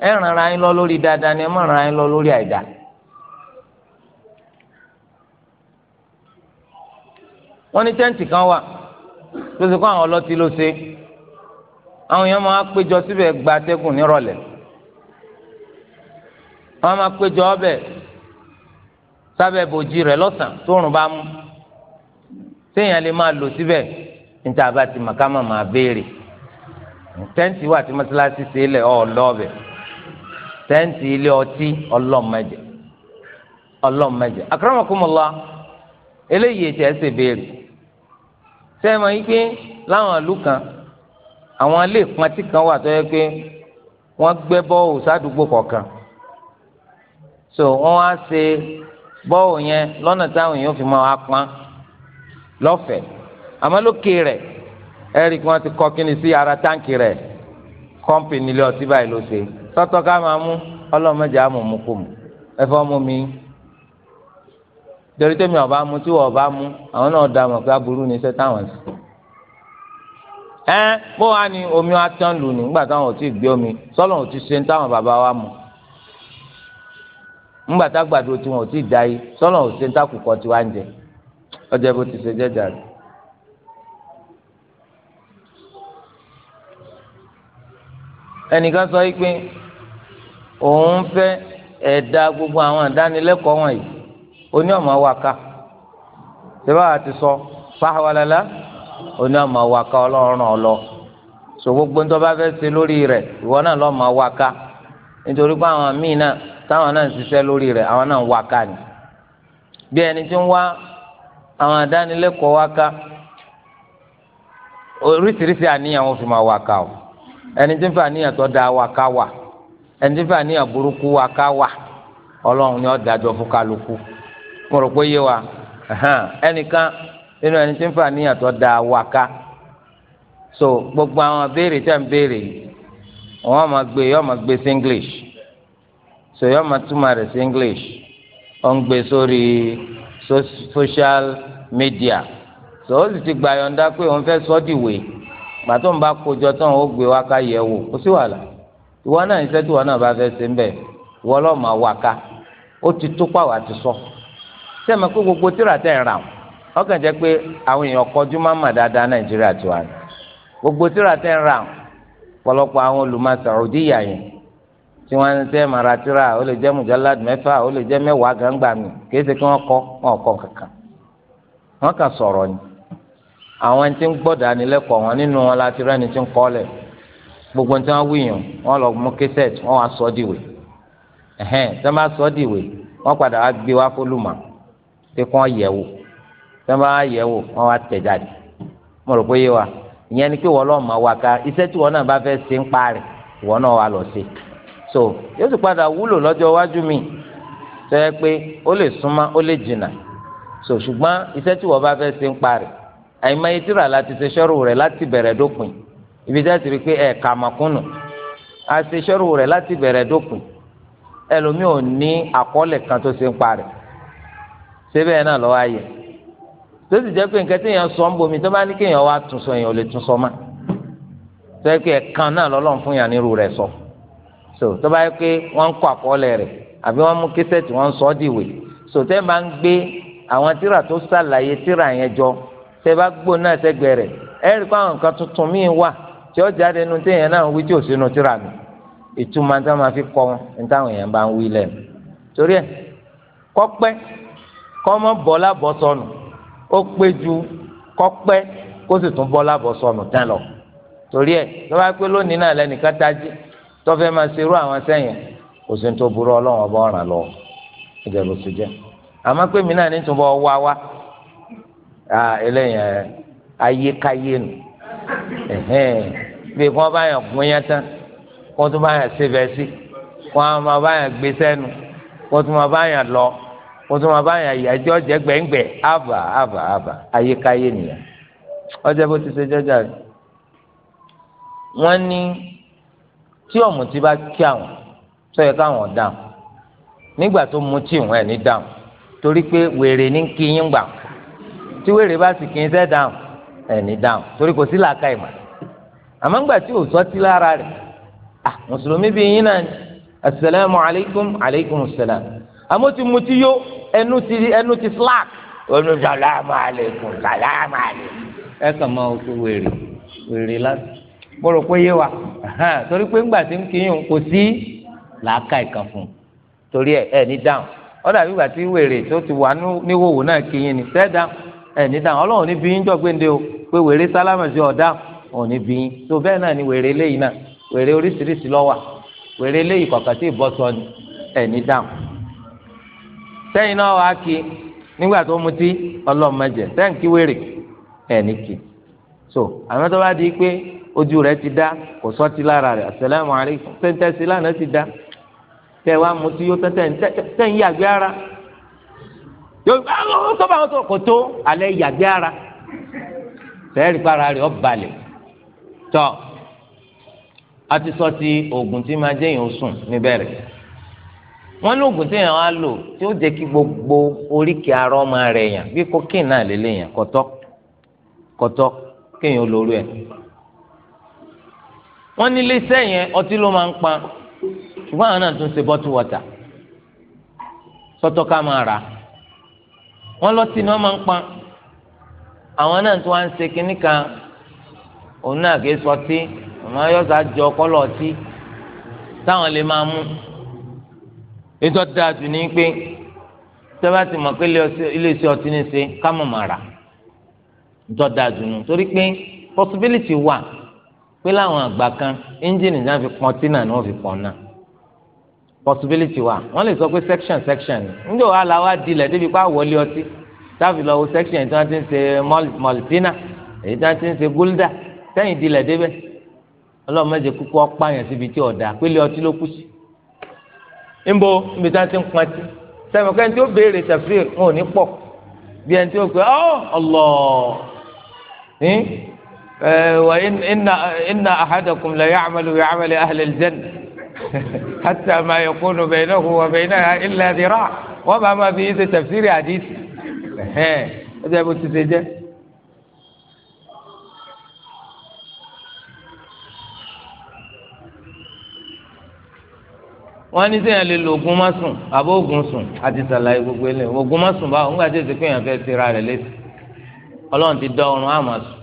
ẹ ràn ara yín lọ lórí dáadáa ni ẹ má ràn ara yín lọ lórí àìdá. wọ́n ní tẹ́ǹtì kan wà tó ṣe kó àwọn ọlọ́tí ló ṣe àwọn èèyàn máa péjọ síbẹ̀ gba atẹ́gùn nírọ̀lẹ́ wọ́n máa péjọ ọbẹ̀ sábẹ́ bòjì rẹ̀ lọ́sàn tóòrùn bá mú téèyàn lè máa lò síbẹ̀ níta bá ti màkà máa béèrè tẹ́ǹtì wà tí mọ́ṣáláṣí ṣe é lẹ̀ ọ́ lọ́ọ̀bẹ̀. tẹ́ǹtì ilé ọtí ọlọ́mọdé ọlọ́mọdé akramakumullah eléyìí ètò ẹsẹ̀ béèrè sẹ́ẹ̀mọ̀ yìí pé láwọn ìlú kan àwọn ilé ìpàtí kan wà tó yẹ pé wọ́n gbẹ́ bọ́ọ̀ sádùúgbò kọ̀ọ̀kan so wọ́n á ṣe bọ́ọ̀ yẹn lọ́nà táwọn èèyàn fi máa pọn lọ́fẹ̀ẹ́ àmọ́ rẹ̀ ẹ̀rí kí wọ́n ti kọ́ kí ni sí ara táǹkì rẹ̀ kọ́ńpì nílé ọtí báyìí ló ṣe tọ́tọ́ ká máa mú ọlọ́mọdé á mú mú kó mu ẹ̀fọ́ mú mi torí tẹ́mi ọba mú tí wọ́n ọba mú àwọn náà da mọ̀ pé aburú ni iṣẹ́ táwọn sí. ẹ bó wàá ní omi wa tán lù nígbà táwọn ò tí ì gbé omi sọ́lọ́ ò ti ṣe ń táwọn bàbá wa mú ńgbà tá gbàdo tí wọn ò tí da yìí sọ́lọ́ ò ṣe ń tí wàá ń jẹ ọjọ́ bó ti ṣe jẹ́jà rẹ̀. ẹnìkan sọ yìí pé. òun fẹ́ ẹ̀dá gbogbo àwọn ìdánilẹ́kọ̀ọ́ wọ̀nyí oní ọmọ waka síbá àti sọ fáwọlẹ́lá oní ọmọ waka ọlọ́run ọlọ so gbogbo ń tọ́ba fẹ́ ṣe lórí rẹ̀ ìwọ náà waka nítorí pé àwọn míì náà táwọn náà ń ṣiṣẹ́ lórí rẹ̀ àwọn náà ń waka ni bí ẹni tí ń wá àwọn waka oríṣiríṣi àníyàn wọn fi waka o ẹni tí ń àníyàn tó da waka wà. Wa ẹni tí fàní àbúrúkú wa ká wà ọlọ́run ni ó dájọ́ fún kálukú mo rò pé yé wa ẹnìkan nínú ẹni tí ń fàní àtọ́ da wa ká so gbogbo àwọn béèrè tẹ̀ ń béèrè wọ́n máa gbé yọ́ máa gbé sí english so yọ́ máa túmọ̀ rẹ̀ sí english ó ń gbé sórí social media so ó sì ti gbàyọ̀ǹda pé òun fẹ́ sọ́dìwé gbàtọ́ ń bá kojọ́ tán ó gbé wa ká yẹ̀ wò kó ìwọ náà iṣẹ́ tí ìwọ náà bá fẹ́ ṣe ń bẹ̀ ìwọ lọ́ọ́ máa ti tó sọ sẹ́mi pé gbogbo tíra tẹ̀ ń rà ọkàn jẹ́ pé àwọn èèyàn kọjú máa mà dáadáa nàìjíríà ti wà ní gbogbo tíra tẹ̀ ń rà pọ̀lọpọ̀ àwọn olùmọ̀ Saudi yà yẹn tí wọ́n ń tẹ́ mara tíra ó lè jẹ́ mẹ́fà ó lè jẹ́ mẹ́wàá gàǹgbà mi kí wọ́n kọ́ gbogbo nǹkan wíyàn wọn lọ mú kẹsẹt wọn wá sọ dìwé ẹhẹn tí wọn bá sọ dìwé wọn padà wá gbé wá fólùmọ pé kí wọn wò tí wọn wò wọn wá tẹ̀ jáde mo rò pé yé wa ìyẹn ni pé wọn lọ mọ wákà iṣẹ́ tí wọn náà bá fẹ́ ṣe ń parí wọn náà wà lọ sí so yóò sì padà wúlò lọ́jọ́ iwájú mi tó yẹ pé ó lè súnmọ́ ó lè jìnnà so ṣùgbọ́n iṣẹ́ tí wọn bá fẹ́ ṣe ń parí àìmọye tíra láti ṣe ṣọrù rẹ̀ láti bẹ̀rẹ̀ dópin ibi tá a ti rí pé ẹ kà màkúnnù a ṣe sọ́rù rẹ̀ láti bẹ̀rẹ̀ dópin ẹlòmíì ò ní àkọọ́lẹ̀ kan tó ṣe ń parẹ́ síbẹ̀ náà lọ́wọ́ ayẹ tó sì jẹ́ pé nǹkan tí èèyàn sọ ń bomi tó bá ní kéèyàn wá tún sọ èèyàn ò lè tún sọ mọ́ tó yẹ pé ẹ̀kan náà lọ́lọ́run fún yàn nírú rẹ̀ sọ so tó bá yẹ pé wọ́n ń kọ àkọọ́lẹ̀ rẹ̀ àbí wọ́n mú késẹ́ẹ̀tì wọ́n sọ dìwé so tẹ́ máa ń gbé àwọn tíra tó ṣàlàyé tíra yẹn jọ tẹ́ bá gbó náà sẹ́gbẹ̀ẹ́ rẹ̀ ẹ̀rí pé àwọn nǹkan tuntun míì wà tí ó jáde nu na náà ń wí tí ò sínú tíra mi ìtumọ̀ tí wọ́n máa fi kọ́ ní táwọn èèyàn bá ń wí lẹ́nu torí ẹ̀ kọ́pẹ́ kọ́mọ bọ́ sọnù ó pé ju kọ́pẹ́ kó sì tún bọ́ sọnù tán lọ torí ẹ̀ tó bá pé lónìí náà lẹ́nìkan tají tọ́fẹ́ máa àwọn sẹ́yìn kò sí ní tó burú ọlọ́run ọba ọ̀ràn lọ ìjẹ́ ló sì jẹ́ àmọ́ pé mi bí kò bá yàn kún yẹn tán kó tó bá yàn sebẹ̀ sí kó má bá yàn gbé sẹ́nu kó tó má bá yàn lọ kó tó má bá yàn yàjọ́ jẹ́ gbẹ̀ngbẹ̀ àbà àbà àbà ayékáyé nìyẹn ọjọ́ bó ti ṣe jọjà rẹ̀ wọ́n ní tí ọ̀mùtí bá kí àwọn sọ̀yẹ káwọn dáhùn nígbà tó mutí wọn ẹ̀ ní dáhùn torí pé wèrè ní kí yín gbà tí wèrè bá sì kí yín sẹ́ dáhùn ẹ̀ ní dáhùn torí kò sí làákà ìmọ̀ àmọ́ ńgbà o òótọ́ ti ah mùsùlùmí bíi na asalaamu alaykum alaykum salaam ti mu ti ẹnu ti ẹnu ti slack ẹnu salaamu alaykum salaamu alaykum ẹ kàn máa wọ́n tó wèrè wa torí pé ń kò sí làákà ìkan fún torí ní dáhùn bí Onibi so bí yín tó bẹ́ẹ̀ náà ni wèrè eléyìí náà wèrè oríṣiríṣi lọ́wà wèrè eléyìí kọ̀ọ̀kan tí ẹ̀ní dáhùn. sẹ́yìn náà wàá kí nígbà tó mutí ọlọ́mọdé sẹ́yìn kí wèrè ẹ̀ní kí. so àmọ́ tó bá di pé ojú rẹ̀ ti dá kò sọ́tí lára rẹ̀ assalamu alaikum tẹ́ntẹ́sí lánàá ti dá tẹ́ wàá mutí yóò tẹ́ntẹ́ ń yàgbé ara yóò tó ah, bá wọn tó kò tó alẹ́ yàgbé ara Tọ! a ti sọ ti oògùn ti máa jẹ́ èèyàn sùn níbẹ̀rẹ̀ wọ́n ní oògùn tí èèyàn á lò tí ó jẹ́ kí gbogbo oríkèé ara ọmọ rẹ yàn bí cocaine náà lè léyàn kọtọ kọtọ kéèyàn lóru ẹ̀ ní yẹn ọtí ló máa ń pa ṣùgbọ́n àwọn náà tún ṣe bottle water sọ́tọ́ ká máa rà ni máa ń pa àwọn náà tún òun náà kì í sọtí ọmọ yọ̀ọ̀sà jọ kọ́lọ̀ ọtí táwọn lè máa mú ètò dájú ní pé tẹ́lá ti mọ̀ pé iléeṣẹ́ ọtí ní ṣe ká mọ̀ mà rà nù torí pé possibility wà pé láwọn àgbà kan ẹ́ńjìnì náà fi pọn tí náà ni wọ́n fi pọn náà possibility wà wọ́n lè sọ pé section section níjọ́ wa la wá dilẹ̀ débi pa wọlé ọtí táfi lọ wo section tí wọ́n ti ń ṣe maltina èyí tí wọ́n ti ń ṣe gulda sẹ́yìn dilẹ̀ débẹ̀ ọlọ́run mẹ́jẹ kúkú ọ̀pá yẹn síbi tí ọ̀dà pélé ọtí ló kù sí. níbo níbi tí wọ́n ti ń pọn ti sẹ́yìn ọ̀kẹ́ tí ó béèrè tẹ̀fíì wọn ò ní pọ̀ bí ẹni tí ó pè ọ́ ọ̀lọ́ wa inna ahadakum la ya'malu bi'amali ahli al-janna hatta ma yakunu baynahu wa baynaha illa dhira' wọ́n bá máa fi ṣe tẹ̀fíì àdìsí ẹ̀hẹ́n ó jẹ́ bó ti ṣe jẹ́. wọ́n ní sẹ́yìn lè lo oògùn má sùn àbó oògùn sùn àti sàlàyé gbogbo ẹlẹ́ oògùn má sùn báwo nígbà tí èsì pé èèyàn fẹ́ tira rẹ̀ létí ọlọ́run ti dá oorun àmọ́ sùn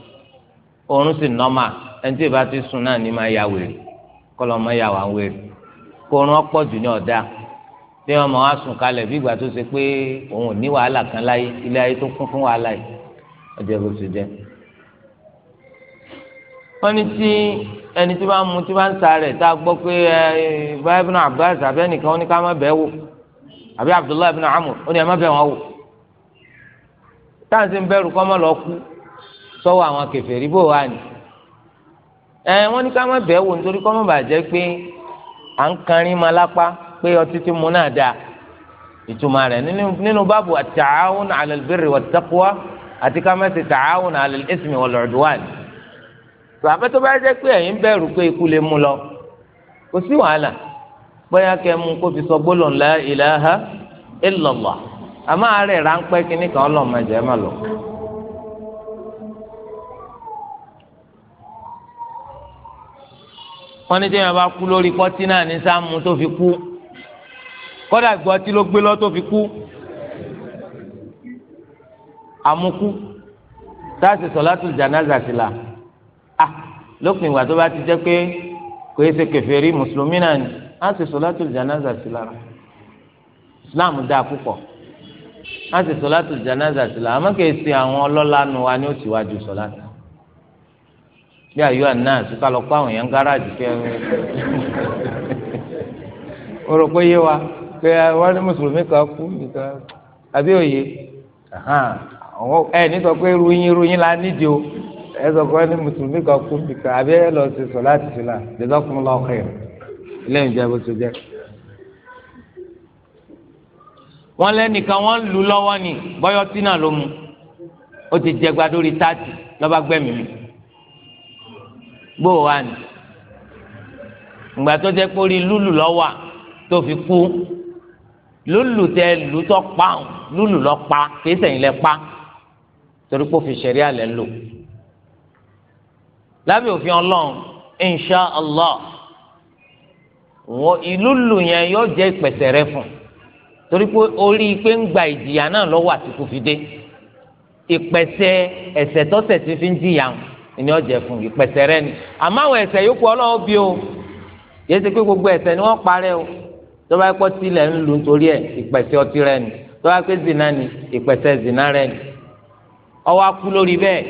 oorun sì nọ́mà ẹni tí ìbá ti sùn náà ní máa ya wèrè kọ́lọ́ máa ya wà wèrè kó oorun ọ̀pọ̀ jù ní ọ̀dá bí wọ́n máa wá sùn kalẹ̀ bí ìgbà tó ṣe pé òun ò ní wàhálà kan láyé ilé ayé tó kún fún wàhálà yìí ọjọ́ ìbùsùn jẹ́ wọ́n ní tí ẹni tí bá ń mu tí bá ń sa rẹ̀ tá a gbọ́ pé ẹ báyìí ibn Abbas àbẹ́ nìkan ó ní ká má bẹ́ẹ̀ wò àbí Abdullahi ibn Amr ó ní ẹ má bẹ́ẹ̀ wọn wò táǹsì ń bẹ̀rù kọ́ mọ́ lọ kú sọ́wọ́ àwọn kèfèrí bò wá ni ẹ wọ́n ní ká má bẹ́ẹ̀ wò nítorí kọ́ mọ́ bàjẹ́ pé à ń kanrin ma lápá pé ọtí tí mu náà dáa ìtumọ̀ rẹ̀ nínú báàbù àti ká má ṣe ta'awun bàbá tó bá jẹ́ pé ẹ̀yin bẹ̀rù pé ikú lè mú lọ kò sí wàhálà bóyá kẹ́ kó fi sọ gbólóhùn la ilaha illallah àmọ́ àárẹ̀ ráńpẹ́ kínní kan ọlọ́mọ ẹ̀jẹ̀ má lọ. wọ́n ní sẹ́yìn bá kú lórí kọ́tí náà ní sáàmù tó fi kú kọ́dà gbọ́tí ló gbé lọ tó fi kú àmukú táàsì sọ̀látù jánásà sí la lópin ìgbà tó bá ti jẹ́ pé kò yẹ ṣe kèfèrí mùsùlùmí náà ni á sì sọ̀látù jánásà sí lára islam dáa púpọ̀ á sì sọ̀látù jánásà sí lára àmọ́ kì í ṣe àwọn ọlọ́lá nu wa ni ó ti wájú sọ̀látù bí ayọ̀ àná àsìkò àlọ́kọ́ àwọn èèyàn gáràjì kẹ́ o rò pé yé wa pé wọ́n ní mùsùlùmí kan kú nìkan àbí òye ẹ nítorí pé ruyin ruyin la nídìí o ẹ sọ pé ní mùsùlùmí kan kú bìkà àbí ẹ lọ sí sọ láti sí la jazakumullahu khair ilé ìjẹ bó ṣe jẹ. wọ́n lẹ́nìkan wọ́n lù lọ́wọ́ ni bọ́yọ́ tí náà ló mu ó ti jẹ gbadórí táàtì lọ́ba gbẹ̀mí mi gbóò wá ni ìgbà tó jẹ́ pé orí lùlù lọ́wọ́ tó fi kú lùlù tẹ lù pa lùlù lọ́ pa kì í sẹ́yìn lẹ́ pa torí pé ó fi ṣẹ̀rí àlẹ́ lò lábẹ́ òfin ọlọ́run insha allah ìlú lù yẹn yóò jẹ́ ìpẹ̀sẹ̀ rẹ fún torí pé orí pé ń gba ìjìyà náà lọ́wọ́ àtìkù fi dé ìpẹ̀sẹ̀ ẹ̀ṣẹ̀ tọ́ṣẹ̀ tí fi ń jìyà ni ọ̀jẹ̀ fún ìpẹ̀sẹ̀ rẹ ni àmọ́ àwọn ẹ̀ṣẹ̀ yòókù ọlọ́run bí o yéé ṣe pé gbogbo ẹ̀ṣẹ̀ ni wọ́n parẹ́ o tó bá pọ́ tilẹ̀ ń lu nítorí ẹ̀ ìpẹ̀sẹ̀ ọtí rẹ ni tó bá pé zina ni ìpẹ̀sẹ̀ zina rẹ ni ọwọ́ akú lórí bẹ́ẹ̀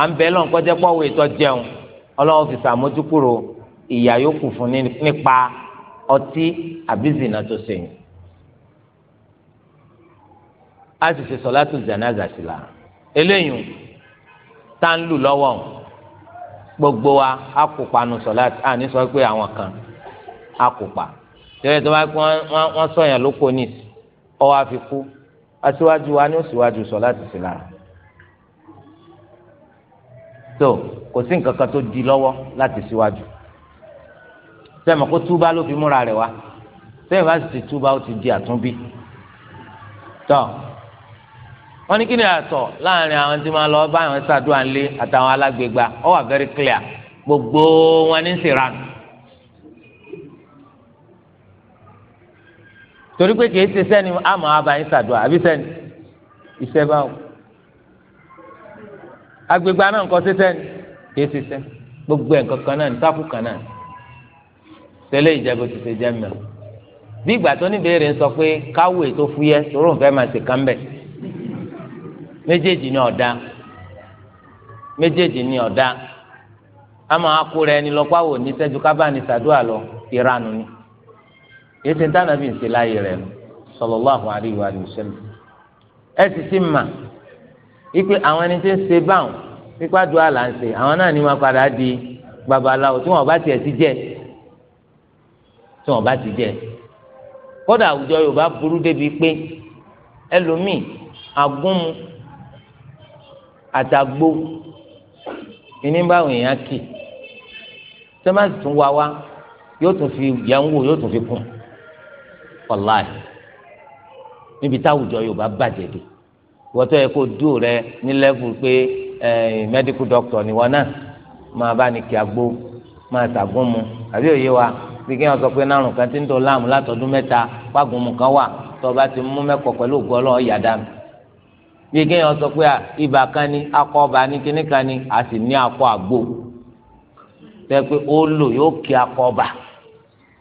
à ń bẹ́ẹ̀ lọ́nkọ́jẹ́pọ̀ wo ìtọ́jẹun ọlọ́run fi sàmójúkúrò ìyá yòókù fún nípa ọtí àbí zina tó sẹ́yìn a sì ṣe sọ̀látù jánásà sí la eléyìí tá ń lù lọ́wọ́ gbogbo wa a kò panu sọ̀látù àní sọ pé àwọn kan a kò pa tẹ́lẹ̀ tó bá wọ́n sọ̀yàn lóko ní ọwọ́ àfikún aṣíwájú wa ni ó ṣíwájú sọ̀látù sí la So, kò sí nǹkan kan tó di lọ́wọ́ láti síwájú sẹ́mi kó túbá ló fi múra rẹ̀ wá sẹ́mi bá sì ti túbá ó ti di àtúnbí tọ́ wọ́n ní kí ni àtọ̀ láàrin àwọn tí máa lọ bá àwọn ṣàdúrà ńlé àtàwọn alágbègbà ó wà very clear gbogbo wọn ní sèrán torí pé kìí ṣe sẹ́ni àmọ́ abayín ṣàdúrà àbí sẹ́ni ìṣẹ́ báwo agbègbà náà sí sẹ́ni kìí ṣiṣẹ́ gbogbo ẹ̀ kankan náà nítàkù kan náà tẹ́lẹ̀ ìjẹ́bù ti ṣe jẹ́ mẹ́rin bí ìgbà tó ní béèrè ń sọ pé káwé tó fúyẹ́ sòrò nfẹ́ máa ṣe kán bẹ̀ méjèèjì ni ọ̀dà méjèèjì ni ọ̀dà a máa kó rẹ ẹni lọ́pọ̀ àwọn oníṣẹ́jú ká bá ní sàdúrà lọ ìranù ni èyí ti ń tànà bí ń ṣe láàyè rẹ sallallahu alaihi wa sallam ẹ sì ti mà wípé àwọn ẹni tí ń ṣe báwọn pípa dùn àlà ń ṣe àwọn náà ní máa padà di babaláwo tí wọn bá tiẹ̀ ti jẹ tí wọn bá ti jẹ kódà àwùjọ Yorùbá burú débi pé ẹlòmíì agúnmu àtàgbò ìní báwọn èèyàn kì sẹ́másì tún wá wá yóò tún fi yẹ̀wò yóò tún fi kún ọ̀láì níbi táwùjọ Yorùbá bàjẹ́ dé wọ́tọ́ yẹ kó dúró rẹ ní lẹ́fù pé Eh, medical doctor ni wọn náà máa bá ní kí agbó máa tàgún mu àbí òye wa bí kí wọn sọ pé nárùn kan ti ń tó láàmú látọdún mẹ́ta pàgùn mu kan wà tó bá ti mú mẹkọ pẹ̀lú ògùn Ọlọ́run yà dànù bí kí wọn sọ pé ibà kan ni akọ ọba ni kíní kan ni a sì ní akọ àgbo tẹ pé ó lò yóò kí akọ ọba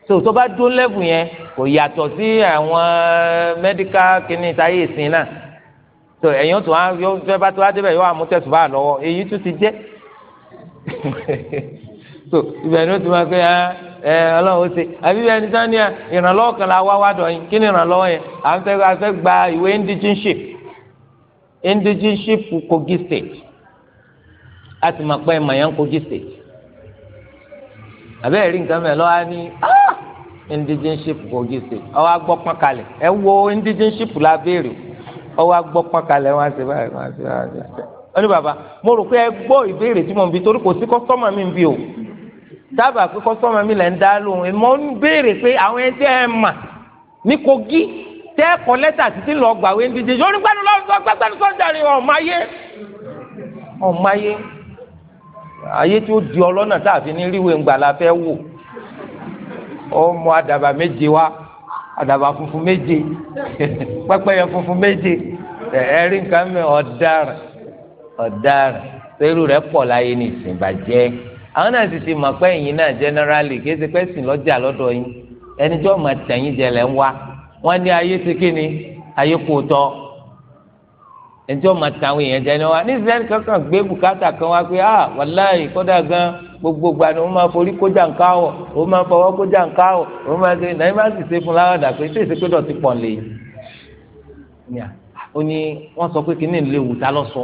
tó tó bá dún lẹ́bùn yẹn kò yàtọ̀ sí àwọn mẹ́díkà kíní táyé ìsìn náà tó ẹ̀yìn tó yọ fẹ́ bá tó yọ àmútẹ́sù bá lọ́wọ́ èyí tó ti jẹ́ tó ibẹ̀ ni ó ti máa pé ah, ẹ ọlọ́run ó ṣe àbí bẹ́ẹ̀ ni sani ah, ìrànlọ́wọ́ kan la wá wá dọ̀ kí ni ìrànlọ́wọ́ yẹn à gba ìwé indigenship Kogi state a ti máa pẹ́ Kogi state àbẹ́ ẹ̀rí nǹkan lọ́wọ́ á ní ah, Kogi state gbọ́ pọ́n kalẹ̀ ẹ la béèrè ọwọ́ agbọ́ pọ́nkalẹ̀ wọn àti báyìí wọn àti báyìí wọn ní bàbá mo rò pé ẹ gbọ́ ìbéèrè tí mo ń bi torí kò sí kọ́sọ́mà mi ń bi o dábàá pé kọ́sọ́mà mi lẹ̀ ń dá lóhùn mo ń béèrè pé àwọn ẹni tẹ́ ẹ mà ní Kogi tẹ́ ẹ kọ́ lẹ́tà títí lọ gbàwé ń díje yóò ní gbẹ́nu lọ́sọ̀ gbẹ́nu sọ́jàre ọ̀ma yé ọ̀ma yé ayé tí ó di ọlọ́nà tá a fi ní ríwe ńgbà fẹ́ wò ọmọ àdàbà méje wa. àdàbà funfun méje pẹ́pẹ́yẹ funfun méje ẹ̀rí nǹkan mi ọ̀daràn ọ̀daràn pẹ̀lú rẹ̀ pọ̀ láyé ní ìsìnbàjẹ́ àwọn náà sì ti mọ̀ pé ẹ̀yin náà generally kì í ṣe pé sìn lọ́jà lọ́dọ̀ yín ẹni wọ́n máa tẹ̀yìn jẹ ń wá wọ́n ní ayé ti kí ni ayé kò tọ́ ẹnjọ́ máa ta àwọn èèyàn jẹni wa nísìnyẹn kankan gbé bùkátà kan wá pé ah wàláyé kódà gan gbogbo gba ni wọ́n máa forí kójà ń káwọ̀ wọ́n máa fọwọ́ kójà ń káwọ̀ wọ́n máa ṣe náà máa sì ṣe fún láwàdà pé ṣé ìṣèpé dọ̀tí pọ̀ lè yìí. ó ní wọ́n sọ pé kínní lè wù ta lọ sọ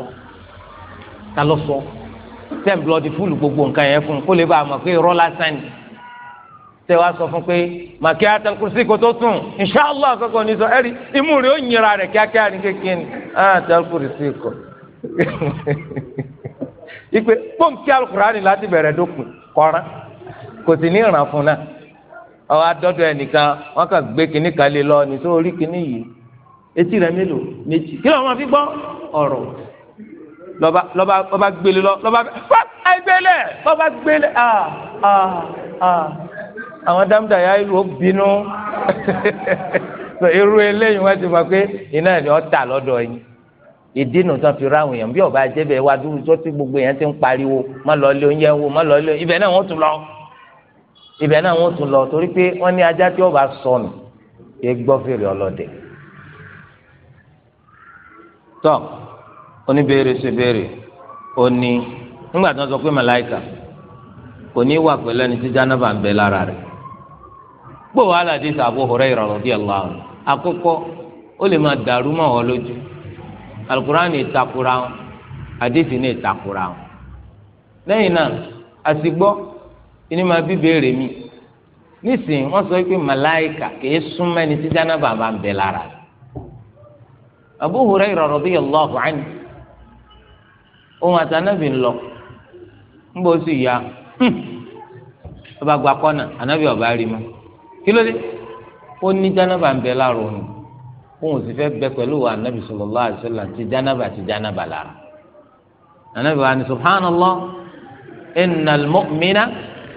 ta lọ sọ tẹ́ǹ blọ́ọ̀dì fúlù gbogbo nǹkan yẹn fún un kó lè bá a mọ̀ pé irọ́ lásán ni tẹ wá sọ fún pé màkì àtàkùn sí kò tó sùn inṣàlá àkọ́kọ́ ní sọ ẹ̀rí imú rẹ̀ ó nyìnra rẹ̀ kíákíá ní kékeré àti alukurisi kọ ìpè pọ́ǹkì alukurani láti bẹ̀rẹ̀ dókun kọ́ran kò sì ní ìràn fún náà àwọn adọ́dọ̀ ẹnìkan wọn kàn gbé kinní kan lé lọ ní sórí kinní yìí etí rẹ mélòó méjì kí lóun máa fi gbọ́ ọ̀rọ̀ lọ́ba lọ́ba lọ́ba gbélé lọ lọ́ba fà àìgbélé lọ́ba gbélé ah ah ah àwọn dámdà yà á ìlú ó bínú. sọ irú eléyìí wọ́n ti mọ̀ pé iná ni wọ́n tà lọ́dọ̀ yín ìdínà tán fi ráhùn yẹn bí ọba jẹbẹ wá dúró tó ti gbogbo yẹn ti ń pariwo má lọ lé oúnjẹ wo má lọ lé ibẹ̀ náà wọ́n tún lọ ibẹ̀ náà wọ́n tún lọ torí pé wọ́n ní ajá tí ọba sọnù kí é gbọ́ fèrè ọlọ́dẹ. tọ́ oníbèrè ṣe béèrè ó ní nígbà tí wọ́n sọ pé màláìkà kò ní wà pẹ̀lú ẹni tí jánábà ń bẹ lára rẹ̀ gbọ́ wàhálà dé sàbò Hurairah radiyallahu anhu Akụkọ. o le ma daru ma ọ lójú alukurani ìtakura wọn àdìsí ní ìtakura wọn na náà àsìgbọ́ ìní bí béèrè mi nísìnyí wọ́n sọ pé màláìkà kìí sún mẹ́ni tí dáná bàbá ń bẹ lára rẹ̀ bụ Hurairah radiyallahu anhu òun àtànábì ń lọ ń bọ́ sí ọba ọba rí kí ó ní jánábà ń bẹ láàrọ̀ òun òun ò sì fẹ́ bẹ pẹ̀lú anabi sallallahu alaihi wasallam ti jánábà ti jánábà lára anabi wa ni subhanallah innal mu'mina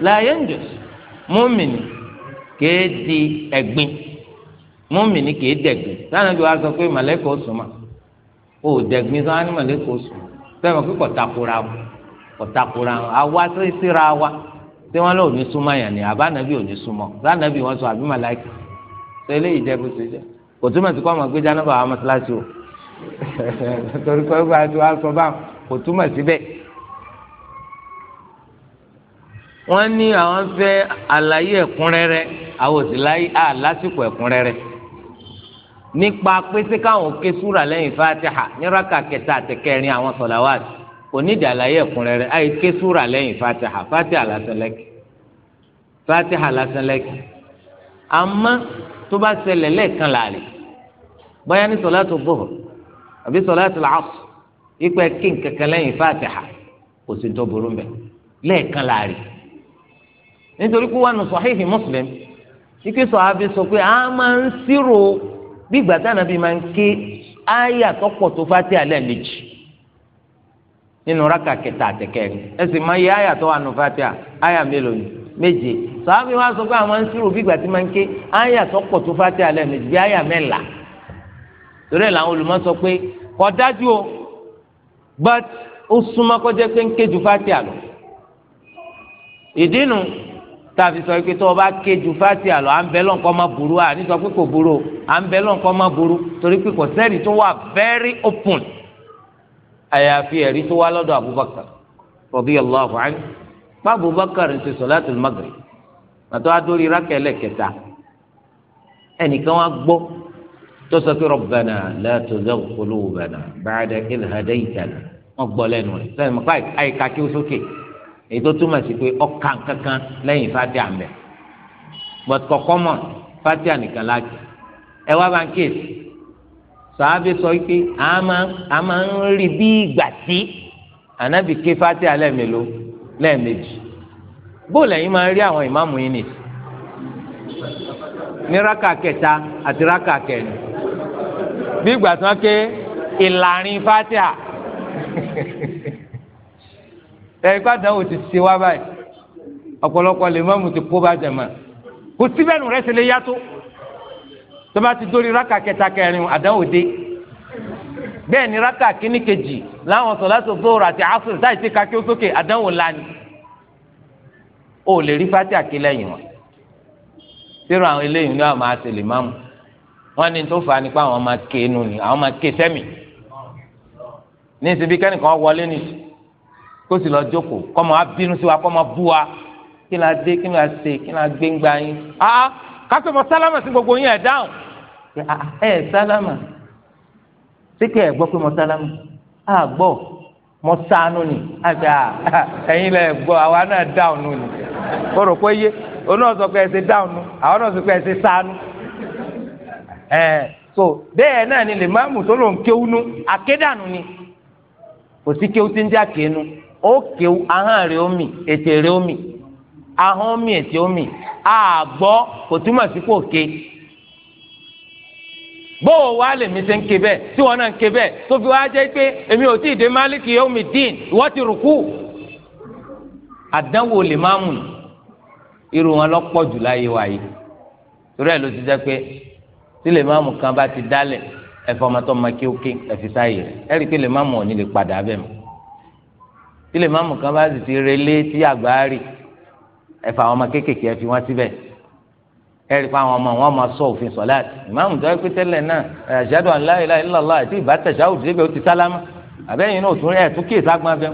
la yanjus mọ́mìnì kèé di ẹ̀gbin mọ́mìnì kèé dẹ̀gbin sáà bí sọ pé màlẹ́kọ̀ sùn mà ó dẹ̀gbin sáà ní màlẹ́kọ̀ sùn pé kọ̀tàkùrà kọ̀tàkùrà àwa síra wa tí lọ òní súnmọ́ yẹn ni àbá nàbí òní súnmọ́ sáà nàbí sọ àbí màlẹ́kọ̀ tẹ́lẹ̀ ìjẹ́bù ṣe jẹ́ kò túmọ̀ sí kó àwọn àgbéjà náà bá wà mọ́ṣáláṣí o torí pé wọ́n ti wá sọ báwọn kò túmọ̀ síbẹ̀. wọ́n ní àwọn fẹ́ àlàyé ẹ̀kúnrẹ́rẹ́ àwọn òsì lásìkò ẹ̀kúnrẹ́rẹ́ nípa pété káwọn ké súra lẹ́yìn fatiha níraka kẹta àtẹkẹrin àwọn sọ̀làwàtì kò ní ìdàlàyé ẹ̀kúnrẹ́rẹ́ àyè ké súra lẹ́yìn fatiha fatiha lásán lẹ́kì fatiha lásán lẹ́kì àmọ́ tó bá ṣẹlẹ̀ lẹ́ẹ̀kan láàrin bóyá ní sọláàtù zuhur àbí sọláàtù al-asr ipa kí nkankan lẹ́yìn fatiha kò tó burú mbẹ lẹ́ẹ̀kan Muslim ike sọ̀hábí sọ pé a máa ń sírò bí gbàtà na- máa ń ké àyà tọ́pọ̀ tó fati alẹ́ lèjì nínú rákà kẹta àtẹkẹrin ẹ sì máa yẹ tó méje sàábì wa sọ pé àwọn nsírò bí ìgbà tí máa ń ké àyà sọpọ̀ tó fàtí alẹ́ méjì bí àyà mẹ́la torí ẹ̀ làwọn olùmọ̀ sọ pé kò dájú o but ó súnmọ́ kọjá pé ń ké ju fàtí àlọ́ ìdí nu tàbí sọ pé tó o bá ké ju fàtí àlọ́ à ń bẹ́ lọ́nkọ́ má burú à ní sọ pé kò burú o à ń bẹ́ lọ́nkọ́ má burú torí pé kò sẹ́ẹ̀rì tó wà very open àyàfi ẹ̀rí tó wá lọ́dọ̀ Abubakar radiyallahu pa Abubakar ń ṣe sọláàtì maghrib pàtó adórí rákẹlẹ kẹta ẹnìkan wá gbọ́ tó sọ pé Rabbana la tuzigh qulubana ba'da idh hadaytana wọn gbọ́ lẹ́nu rẹ̀ sẹ́yìn mọ báyìí àyíká kí ó sókè èyí tó túmọ̀ sí pé ọkàn kankan lẹ́yìn fati àmẹ́ but kọ̀kọ́ mọ̀ fati ànìkan láti ẹ wá bá ń kíyèsí sàábì sọ pé a máa ń rí bí ìgbà tí ànábì ké fati alẹ́ mélòó lẹ́ẹ̀mejì bóòlù ẹ̀yin máa rí àwọn ìmáàmù yín nì ní rákà kẹta àti rákà kẹrin bí ìgbà tí wọ́n ké ìlàrin fatia ẹ̀yin gbàdán ò ti ṣe wá báyìí ọ̀pọ̀lọpọ̀ lè máàmù ti kó bá jẹ̀mọ́ kò síbẹ̀ nù rẹ̀ lè yàtọ̀ tó bá ti dórí rákà kẹta kẹrin àdánwò dé bẹ́ẹ̀ ni rákà kínní kejì láwọn sọ̀láṣọ zoro àti asr táyì sí kakí ó sókè àdánwò lani ó lè rí fati àkílẹ̀yìn wọn sírò àwọn eléyìí ni wọn máa ṣe lè wọn ní tó fà á nípa àwọn máa ké inú ni àwọn máa ké sẹ́mi ní ìsibí kẹ́nìkan wọlé ní kó sì lọ jókòó kọ́ máa bínú sí wa kọ́ máa bú wa kí la dé kí la ṣe kí la gbé yín ah kápẹ́ sálámà sí gbogbo yín ẹ̀ dáhùn ẹ̀ sálámà. síkẹ́ ẹ̀ gbọ́ pé mo sálámù á gbọ́ mo ni àti ah, ẹ̀yin lẹ̀ gbọ́ àwa náà ni o rò pé yé òun náà pé ẹ ṣe dáhùnù àwọn náà sọ pé ẹ sánú so bẹ́ẹ̀ náà ni lè má tó lòun akédànù ni kò sí kéwú tí ń já ó kéwú ahọ́n rẹ̀ omi ètè rẹ̀ omi ahọ́n omi ètè omi àgbọ́ kò túmọ̀ sí kò bóò wá lèmi ṣe ń ké bẹ́ẹ̀ tí wọ́n náà ń ké bẹ́ẹ̀ tó fi wá jẹ́ pé èmi ò tí ì dé máàlìkì yóò mi dín ìwọ ti rùkú. àdánwò lè má mú irun wọn lọ́pọ̀ jù láyé wa yìí torí ẹ̀ ló ti jẹ́ pé tí lè má mú kan bá ti dálẹ̀ ẹ̀fọ́ ọmọ tó ma kéwké ẹ̀fi sáyè rẹ̀ ẹ̀rí pé lè má mú òní lè padà bẹ́ẹ̀ mọ́ tí lè má mú kan bá sì ti relé tí àgbáárì ẹ̀fọ́ àwọn ọmọ kéékèèké ẹ̀fi wọ́n síbẹ̀ ẹ̀rí fún àwọn ọmọ wọn máa sọ òfin sọ̀láàtì ìmáàmù tó ẹgbẹ́ tẹ́lẹ̀ náà ashadu an la ilaha illallah àti ìbátẹ̀sà òdìdí bẹ́ẹ̀ ó ti sálámà àbẹ́yìn náà tún ẹ̀ tún kí ìsagbọn abẹ́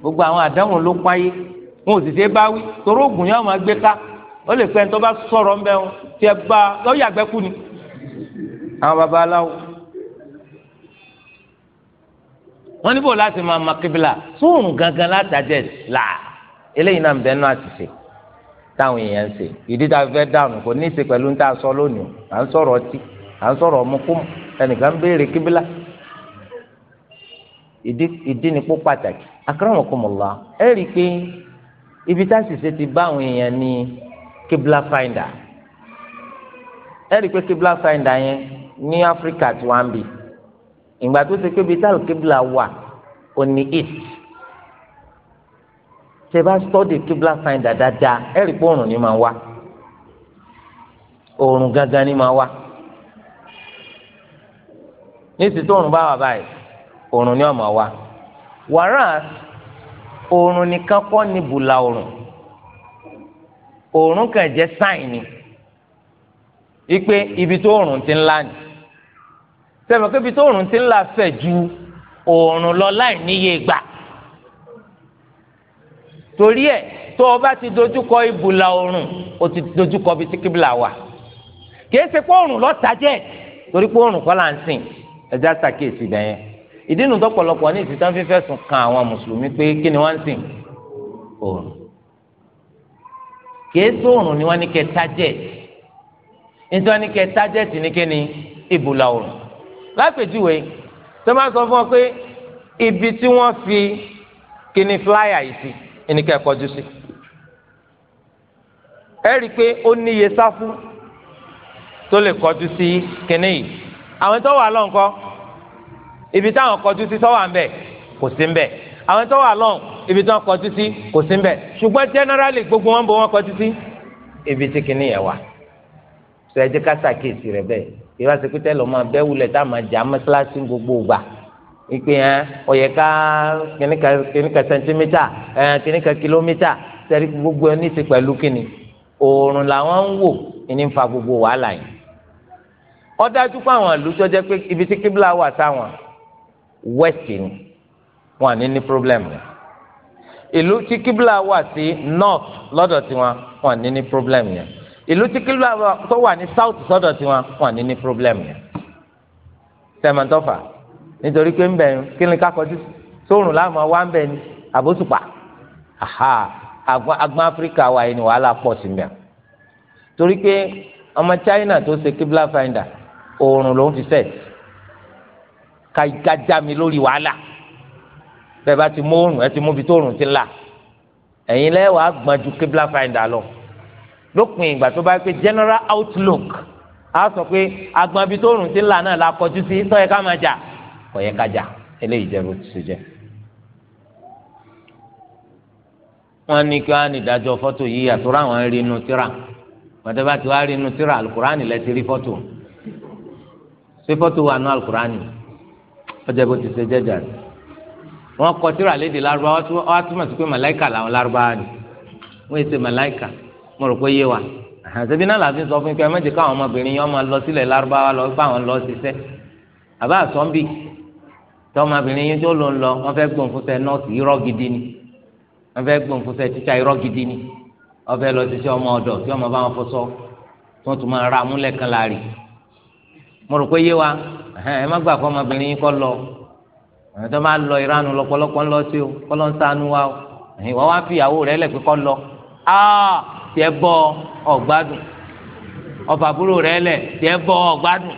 gbogbo àwọn àdáhùn ló páyé wọn ò sì ṣe báwí torí oògùn yẹn wọn máa gbé ká ó lè pẹ́ ní tó bá sọ̀rọ̀ ńbẹ́ wọn tí ẹ bá lọ́ọ̀yà gbẹ́kú ni àwọn babaláwo wọn níbò láti máa ma kébìlà sóòrùn gangan látàjẹ là eléyìí náà ń bẹ́ẹ̀ náà àtìsè táwọn èèyàn ń ṣe ìdí tá a fẹ́ dànù kò ní í ṣe pẹ̀lú tá a sọ lónìí à ń sọ̀rọ̀ ọtí à ń sọ̀rọ̀ ọmọkúmọ̀ ẹnìkan ń béèrè kíbílà ìdí ni pó pàtàkì akérèmọkùnmọ̀lá ẹ rí i pé ibi tá a sì ṣe ti bá àwọn èèyàn ní kíbílà finder ẹ rí i pé kíbílà finder yẹn ní áfíríkà tí wọ́n ń bì ìgbà tó ṣe pé ibi tá a kíbílà wà ò ní tẹ bá study kibla sign dáadáa ẹ pé oòrùn ni máa wá oòrùn gangan ni máa wá nísìsiyìí tó oòrùn bá wà báyìí oòrùn ni ó máa wá wàrà oòrùn nìkan kọ́ ni bùlà oòrùn oòrùn kàn jẹ́ sign ni ipe ibi tó oòrùn ti ń là ní sẹ́mi pé ibi tó oòrùn ti ń là fẹ̀ ju oòrùn lọ láì níye gbà torí ẹ tó o bá ti dojúkọ ibùlà oòrùn o ti dojúkọ bíi tíkìbìlà wà kìí ṣe pé oòrùn lọ́ta jẹ́ torí pé oòrùn kọ́ là ń sìn ẹja ṣàkíyèsí bẹ́ẹ̀ yẹn ìdí nu tọ̀pọ̀lọpọ̀ ní ìsìtàn fífẹ́ sùn kan àwọn mùsùlùmí pé kí ni wọ́n ń sìn oòrùn kìí ṣe oòrùn ni wọ́n ní kẹ́ tájẹ́ nítorí ní kẹ́ tájẹ́ tì ní kí ni ibùlà oòrùn lápèjúwe tó máa sọ fún ọ pé ibi tí wọ́n fi kíni fúláyà yìí ẹni ká kọjú sí ẹ rí i pé ó níye sáfù tó lè kọjú sí kínní yìí àwọn tó wà lọ́nkọ́ ibi táwọn kọjú sí sọ́wọ́ à ń bẹ̀ kò sí ń bẹ̀ àwọn tó wà lọ́n ibi tó ń kọjú sí kò sí ń bẹ̀ ṣùgbọ́n generally gbogbo wọn bọ̀ wọn kọjú sí ibi tí kìíní yẹn wà sọ ẹ jẹ́ ká ṣàkíyèsí rẹ̀ bẹ́ẹ̀ ìwà sèkútẹ́ lọ́ máa bẹ́ wulẹ̀ tá a máa gbogbo gbà ìpè ẹ ọ̀yẹ̀ká kìnnìkà sẹ̀ńtímítà ẹ kìnnìkà kìlómítà sẹ́rí gbogbo ẹ ní ti pẹ̀lú kìnnì oòrùn làwọn ń wò ní fa gbogbo wàhálà yìí ó dájú pé àwọn àlùjọ jẹ́ pé ibi tí kíbla wà sáwọn west ni wọn ní ní problem rẹ ìlú tí kíbla wà sí north lọ́dọ̀ tiwọn wọn ní ní problem yẹn ìlú tí kíbla tó wà ní south sọ́dọ̀ tiwọn wọn ní ní problem yẹn tẹ̀mọ̀tọ́fà nítorí pé ń bẹ̀ kí ni ká kọjú sóòrùn láàmú wá ń bẹ̀ ni àbóṣùpá aha agbọn áfíríkà wa yìí ni wàhálà pọ̀ sí mi à torí pé ọmọ China tó ṣe kibla finder oòrùn ló ń fi sẹ́ẹ̀tì kájájá mi lórí wàhálà bẹ́ẹ̀ bá ti mú oòrùn ẹ ti mú ibi tó oòrùn ti là ẹ̀yin lẹ́wàá gbọ́njú kibla finder lọ lópin ìgbà tó bá pé general outlook á sọ pé agbọ̀nbi tó oòrùn ti là náà la kọjú sí sọ́yẹ́ ká máa jà. Ja kò yẹ kájà eléyìí jẹ́ bó ti ṣe jẹ́. wọ́n ní kí wọ́n á ní ìdájọ́ fọ́tò yìí àtúrà àwọn rí inú tíra pàtẹ́ bá ti wá rí inú tíra alukurani lẹ́ ti rí fọ́tò ṣé fọ́tò wà ní alukurani ọjọ́ bó ti ṣe jẹ́ jàre wọ́n kọ tíra lédè lárúbáwá wọ́n túmọ̀ sí pé màláìkà làwọn lárúbáwá ni wọ́n èsè màláìkà mo rò pé yé wa àtẹ̀bí náà làbí sọ fún mi pé ẹ má jẹ́ káwọn ọmọbìnrin yẹn ọmọ lọ sílẹ̀ lárúbáwá lọ bá wọn lọ ṣiṣẹ́ àbá àsọ́ńbì tọmọbìnrin yín tó ló ń lọ wọn fẹ́ gbọ́n fúnṣẹ́ nọ́ọ̀sì irọ́ gidi ni wọn fẹ́ gbọ́n fúnṣẹ́ tíṣà irọ́ gidi ni wọn fẹ́ lọ ṣiṣẹ́ ọmọ ọ̀dọ̀ tí ọmọ bá wọn fọṣọ tí wọn tún máa ra amúlẹ̀ kan láàrì mo rò pé yé wa ẹ má gbà fọmọbìnrin yín kọ́ lọ àwọn tó máa lọ ìranu lọ́pọ̀lọpọ̀ ńlọ sí o kọlọ ń sànú wa o ẹ̀yin wọn wá fi ìyàwó rẹ lẹpẹ kọ lọ aa tiẹ bọ ọgbádùn ọfà àbúrò rẹ lẹ tiẹ bọ ọgbádùn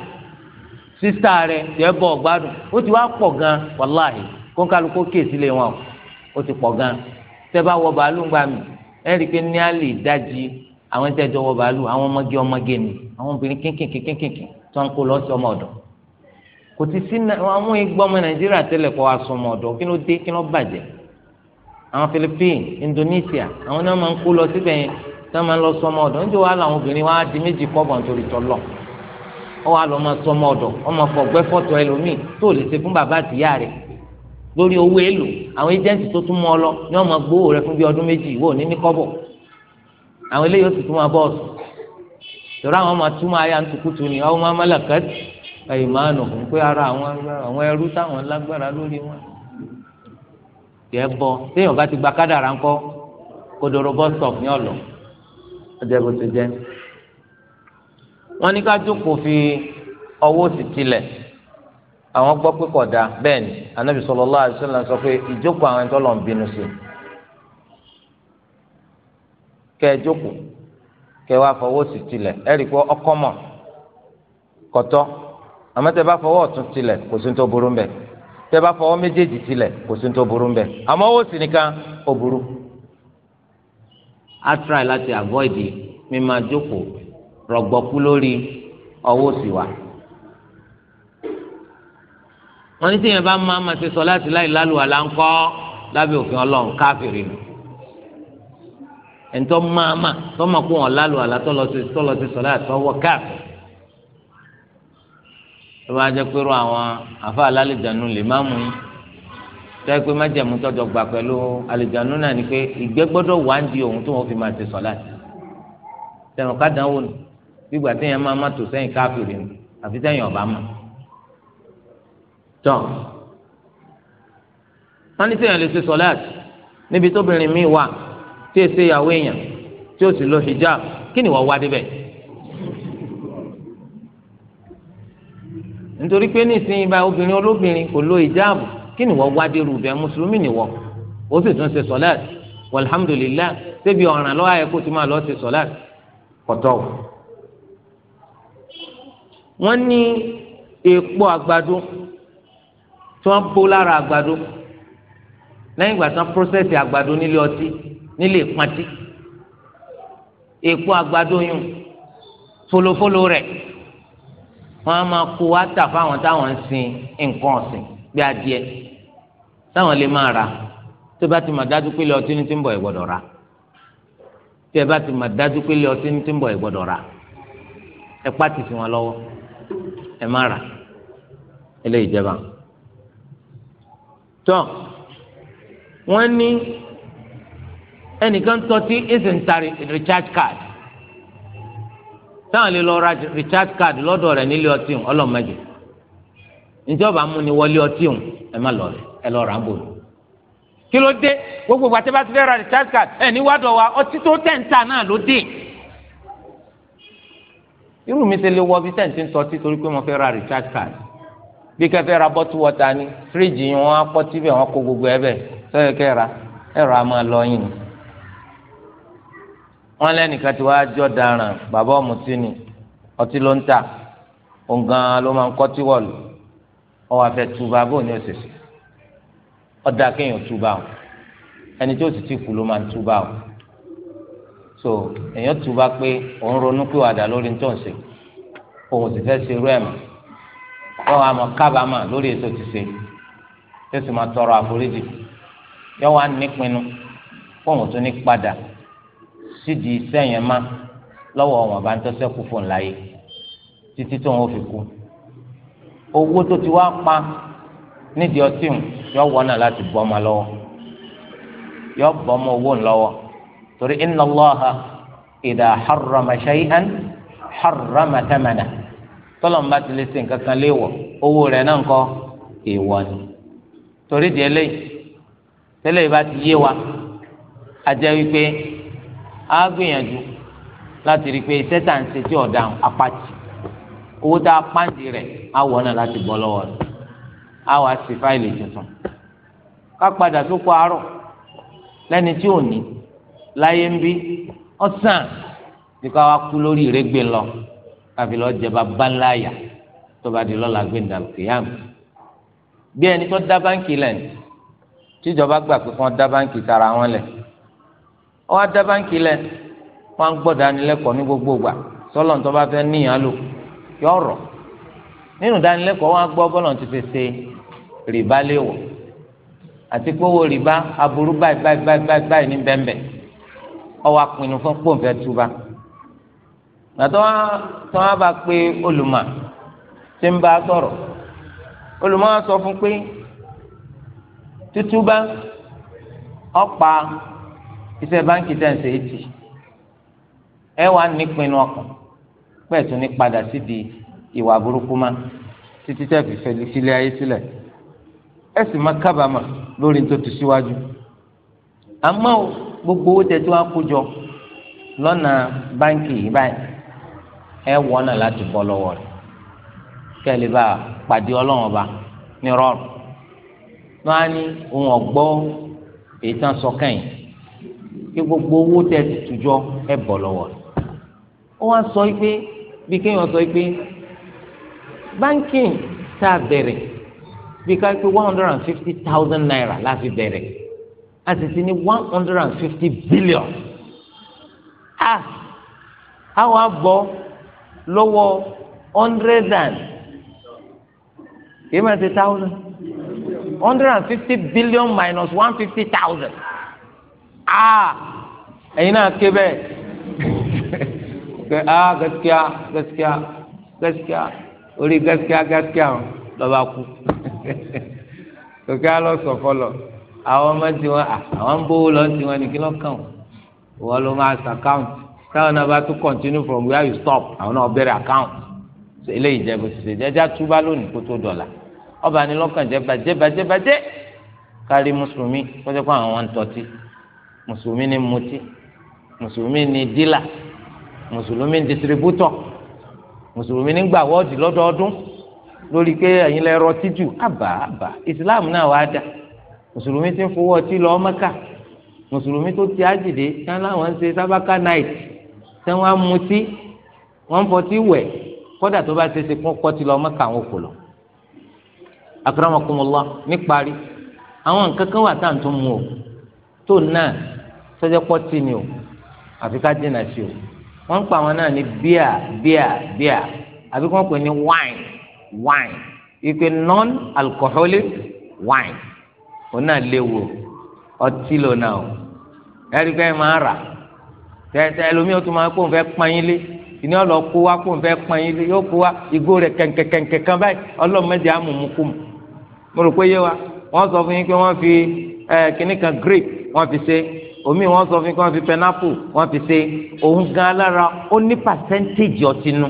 Sista rẹ tẹ bọ ọgbádùn ó ti wá pọ̀ gan wàláhì kónkálukó kesi lé wọn ó ti pọ̀ gan tẹ bá wọ bàálù ń gbà mí ẹ rí i pé ní àlè ìdajì àwọn tẹ jọ wọ bàálù àwọn ọmọge ọmọge ni àwọn obìnrin kínkìnkìnkìnkìn tó ń kó lọ sí ọmọ ọ̀dọ̀ kò ti sí àwọn igbó ọmọ nàìjíríà tẹ́lẹ̀ kọ aṣọ ọmọ kí ló dé kí ló bàjẹ́ àwọn philippines indonesia àwọn náà máa ń kó lọ síbẹ̀ yẹn tí wọ́n máa ń lọ sọ ọmọ ọ̀dọ̀ níjọ́ wàhálà obìnrin wa di méjì pọ̀ bọ̀ nítorí tọ́lọ̀ ọwọ́ àlọ́ máa sọ ọmọ ọ̀dọ̀ ọmọ fọ̀gbẹ́ fọ́tọ̀ ẹlòmíì tó lè ṣe fún bàbá àtìyá rẹ̀ lórí owó èlò àwọn ẹjẹǹtì tó tún mọ ọ lọ ni wọn máa gbowó rẹ fún bíi ọdún méjì wò ní ní kọ́bọ̀ àwọn eléyìí ó sì tún máa bọ ọsùn tọ́ra àwọn máa túmọ̀ ayé àtúkùtù ni àwọn máa mọ́lẹ̀kẹ́ ẹ̀yìn máa nù fún pé ara àwọn ẹrú táwọn lágbára lórí wọn. tiẹ̀ bọ téèyàn bá ti gba kádàrá ńkọ́ kòdòrò bọ́ stọ̀f ní ọ̀lọ́ ọjọ́ bó jẹ́ wọ́n ní ká jókòó fi ọwọ́ sí tilẹ̀ àwọn gbọ́ pé kódà bẹ́ẹ̀ ni anabi sallallahu alaihi wasallam sọ pé ìjókòó àwọn ẹ̀ńtọ́ lọ ń bínú sí kẹ́ ẹ jókòó kẹ́ ẹ wá fọwọ́ sí tilẹ̀ ẹ rí i pé ọkọ́ mọ̀ kọ́tọ́ àmọ́ tẹ́ bá fọwọ́ ọ̀tún tilẹ̀ kò sí ní tó burú mbẹ́ tẹ́ bá fọwọ́ méjèèjì tilẹ̀ kò sí ní tó burú mbẹ́ àmọ́ ọwọ́ sí nìkan ó burú. a try láti avoid mímáa jókòó rọ̀gbọ̀kú lórí ọwọ́ òsì wa. wọ́n ní tíyẹn bá máa ma ṣe sọ láti láì lálùwà láńkọ́ lábẹ́ òfin ọlọ́run káfíìrì nù. ẹ̀ńtọ́ máa ma tọ́mọ̀ kó wọn lálùwà látọ́ lọ sí tọ́ lọ sí sọ láti ọwọ́ káfíìrì. ló bá jẹ́ pé ro àwọn àfa alálejànú lè má mú yín tẹ́ pé májẹ̀mú tọ́jọ́ gbà pẹ̀lú alejànú náà ni pé ìgbẹ́ gbọ́dọ̀ wá ń di òun tó wọn fi máa ṣe sọ láti. tẹ̀wọ̀n ká dánwò nù gbígbà téèyàn máa má tò sẹ́yìn káfíìrì ni àfi sẹ́yìn ọ̀bá mọ̀ tán wọ́n ní sẹ́yìn lè ṣe sọ́láàtì níbi tóbìnrin mi wà tí èsè ìyàwó èèyàn tí ó sì lo hijab kí ni wọ́n wá débẹ̀ nítorí pé nísìnyí bá obìnrin olóbìnrin kò lo hijab kí ni wọ́n wá dé rúbẹ̀ mùsùlùmí ni wọ́n ó sì tún ṣe sọ́láàtì walhamdulillah ṣébi ọ̀ràn lọ́wọ́ ayẹ kó máa lọ́ọ́ ṣe sọ́láàtì kọ̀tọ́ wọ́n ní èèpo àgbàdo tí wọ́n bó lára àgbàdo lẹ́yìn ìgbà tí wọ́n pọ́sẹ̀sì àgbàdo nílé ọtí nílé ìpàtí èèpo àgbàdo yùn folofolo rẹ̀ wọ́n á máa kó wá tà fáwọn táwọn ń sin nǹkan ọ̀sìn bí adìẹ táwọn lè máa rà tó bá ti mà dájú pé ilé ọtí ní ti ń bọ̀ ẹ̀ gbọ́dọ̀ rà tí ẹ bá ti mà dájú pé ilé ọtí ní ti ń bọ̀ ẹ̀ gbọ́dọ̀ rà ẹ pàtì sí wọn lọ́wọ́. ẹ má rà eléyìí jẹba tọ wọ́n ní ẹnìkan tọ́tí ẹsẹ̀ ń ta recharge card táwọn lè lọ ra recharge card lọ́dọ̀ rẹ nílé ọtí ọ̀hún ọlọ́mọdé níjọba mú ni wọlé ọtí ọ̀hún ẹ má lọ rẹ ẹ lọ rà ń bò ní. kí ló dé gbogbo àti bá ti fẹ́ ra recharge card ẹ níwádọ̀ wa ọtí tó tẹ̀ ń ta náà ló dé. irú mi ṣe lè wọ bí sẹ́ǹtì ń sọtí torí pé mo fẹ́ ra recharge card bí kẹfẹ́ ra bọ́tú wọ́ta ni fíríjì yìí wọ́n á pọ́ tíbẹ̀ wọ́n kó gbogbo ẹ bẹ̀ sọ́yọ́ kẹ́ra ẹ̀rọ a máa lọ yìí ni. wọ́n lẹ́nìkan tí wàá jọ daràn bàbá ọ̀mùtí ni ọtí ló ń tà òǹgàn ló máa ń kọ́ tíwọ̀lù ọwọ́ afẹ́ tuba bó ní òṣèṣe ọ̀dà kéèyàn tuba o ẹni tó sì ti kú ló máa tuba o so èèyàn túba pé òun ronú pé wàdà lórí ń tọ̀sí òun sì fẹ́ ṣerú ẹ̀ mọ́ yọ wà mọ kábàámà lórí ètò ti ṣe yóò sì máa tọrọ àforíjì yọ wà nípinnu fóun tún ní padà sídìí sẹ́yìn má lọ́wọ́ wọn bá ń tọ́sẹ́ kú fún un láyé títí tóun ó fi kú owó tó ti wá pa nídìí ọtí yọ wọ́n náà láti bọ́ ọmọ lọ́wọ́ yọ bọ́ ọmọ owó ńlọ́wọ́ torí inna Allaha idha harrama shay'an harrama thamana tọ́lọ́mù bá ti lè ṣe nǹkan kan léèwọ̀ owó rẹ̀ náà kọ́ èèwọ̀ ni torí di eléyìí bá ti yé wa a wípé a gbìyànjú láti rí i pé iṣẹ́ tà ń ṣe tí ọ̀daràn owó tá a pàǹdì rẹ̀ á wọ̀ náà láti bọ́ lọ́wọ́ rẹ̀ á láyé ń bí ọ̀sán nípa wa kú lórí ìrégbè lọ káfí lọ jẹba báńláyà tó bá di lọ́la gbẹ̀ndà kìyàmù bí ẹni tó dá báńkì lẹ̀ tíjọba gbà pé wọ́n dá báńkì tara wọn lẹ̀ wọ́n á dá báńkì lẹ̀ wọ́n á gbọ́dọ̀ anilẹ́kọ̀ọ́ ní gbogbo gbà sọ́lọ́n tó bá fẹ́ níyàn lò yọ̀rọ̀ nínú ìdánilẹ́kọ̀ọ́ wọn á gbọ́ bọ́lọ̀ ti fi ṣe rìbá léwọ̀ àti pé owó rìbá aburú báyìí báyìí báyìí báyìí ní bẹ́ẹ̀ bẹ́ẹ̀ ọwọ́ apinnu fún pòǹfẹ́ túbà gbàtọ́ tí wọ́n bá pé olùmọ̀ tí ń bá a sọ̀rọ̀ olùmọ̀ á sọ fún pé tútúbà ọ̀pá iṣẹ́ báńkì tẹ̀sán ètì ẹ wà nípinnu ọkàn pẹ̀tù ní padà síbi ìwà burúkú má títí tẹ̀ fi fẹ́lẹ́ sílẹ̀ ayé sílẹ̀ ẹ sì má kábàámà lórí tó ti síwájú àmọ́ o gbogbo owó tẹ̀ tí wọ́n á kó jọ lọ́nà báńkì yìí báyìí ẹ wọ́nà láti bọ́ lọ́wọ́ rẹ̀ kẹ́lẹ́ bá pàdé ọlọ́run ọba ní rọrùn wọ́n á ní ohun ọ̀gbọ́ èyí tán sọ kẹ́yìn kí gbogbo owó tẹ̀ ti jọ ẹ bọ́ lọ́wọ́ rẹ̀ ó wá sọ pé bí kéèyàn sọ pé báńkì tá a bẹ̀rẹ̀ bí ká pé one hundred and fifty thousand naira láti bẹ̀rẹ̀ a sì ti ní one hundred and fifty billion a àwọn abọ lọ́wọ́ hundred and kì í máa ṣe thousand hundred and fifty billion minus one fifty thousand a ẹ̀yin náà ké bẹ́ẹ̀ a gaskiya gaskiya gaskiya orí gaskiya gaskiya lọ́ba kú kòkè alọ́ sọ̀fọ́ lọ àwọn ọmọ tiwọn àwọn ń bówó lọ tiwọn ní kí ló kàn wọ́n ló máa ṣe account táwọn náà bá tún continue from where you stop àwọn náà bẹ̀rẹ̀ account eléyìí jẹ́ bó ti ṣe jẹ́jà túbá lónìí kó tó dọ̀là ọba ni lọ́kàn jẹ́ bàjẹ́ bàjẹ́ bàjẹ́ kárí mùsùlùmí kọjá pé àwọn ń tọ́tí mùsùlùmí ni mutí mùsùlùmí ni dílà mùsùlùmí ni distributọ̀ mùsùlùmí ni gbà wọ́ọ̀dì lọ́dọọdún lórí pé ẹ̀yin lẹ́rọ tíjù àbá àbá ìsìláàmù náà wàá dáa mùsùlùmí ti ń fowó ọtí lọ Mẹ́kà mùsùlùmí tó ti ájìdé tán láwọn ń ṣe sábàkà náìt tí wọ́n á mutí wọ́n ń fọtí wẹ̀ kódà tó bá ṣeéṣe kó kọtí lọ Mẹ́kà àwọn òkò lọ. akramakumullah níparí àwọn nǹkan kan wà tá à ń tún mu o tó náà sọjọ́ pọ́tì ni o àfi ká dènà sí o wọ́n ń pa àwọn náà ní bíà bíà bíà àbí kí wọ́n pè ní wáìn wáìn ìpè non alcoholic wine òun náà léwu ọtí lò náà o ẹ̀ríkẹ́ máa rà tẹ̀tẹ̀ ẹlòmíì ó tún máa kó òun fẹ́ pọ́nyín lé ìní ọlọ kó wa kó òun fẹ́ pọ́nyín lé yóò kó wa ìgò rẹ̀ kẹ̀kẹ̀kẹ̀kẹ̀ kan báyìí ọlọ́mọdé amòmù kù mu mo rò pé yé wa wọ́n sọ fún yín pé wọ́n fi kínní kan grape wọ́n fi ṣe omi wọ́n sọ fún yín pé wọ́n fi pineapple wọ́n fi ṣe òun gan alára ó ní pàṣẹ́ntéèjì ọtí nu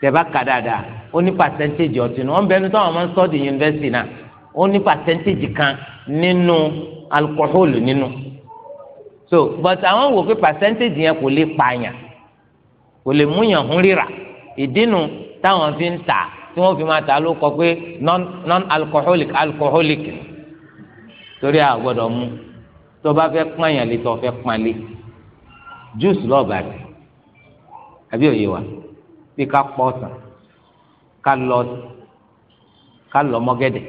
tẹ̀ bá kà dáadáa ó ní pàṣẹ́ntéèjì ọtí nu wọ́n bẹnu táwọn máa ń sọ́ọ̀dì yunifásitì náà ó ní pàṣẹ́ntéèjì kan nínú alikọ́hólù nínú so but àwọn wò pé pàṣẹ́ntéèjì yẹn kò lè pààyàn kò lè múyàn hún ríra ìdínú táwọn fi ń tà tí wọ́n fi máa tà ló kọ pé non non alcoholic alcoholic torí a gbọ́dọ̀ mu tó bá fẹ́ pààyàn lè tó fẹ́ pààlè juice lọ́ọ̀bà rẹ̀ àbí òye wa bí ká pọ̀ ọ̀sán ká lọ ká lọ mọ́gẹ́dẹ̀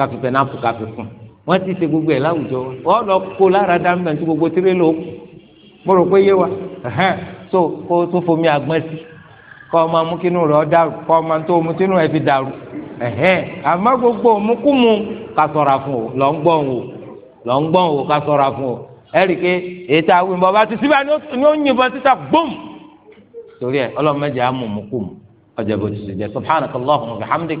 káfí pẹnápù káfí fún wọn ti ṣe gbogbo ẹ láwùjọ wọn lọ kó lára dáńbẹ tí gbogbo tirẹlẹ ó mo rò pé yé wa so kó o tún fomi àgbọn sí kọ ọ máa mú kínú rẹ ọ dàrú kọ ọ máa tó mú kínú ẹ fi dàrú àmọ́ gbogbo òmùkùmù ká ṣọ́ra fún o lọ ń gbọ́n o lọ ń gbọ́n o ká ṣọ́ra fún o ẹ̀rí ké èyí tá a wí bọ́ bá ti síbẹ̀ ni ó yìnbọn títà gbọ́m torí ẹ ọlọ́mọdé á mú òmùkùmù ọjà bó ti ṣe jẹ subhanakallahumma wa bihamdik.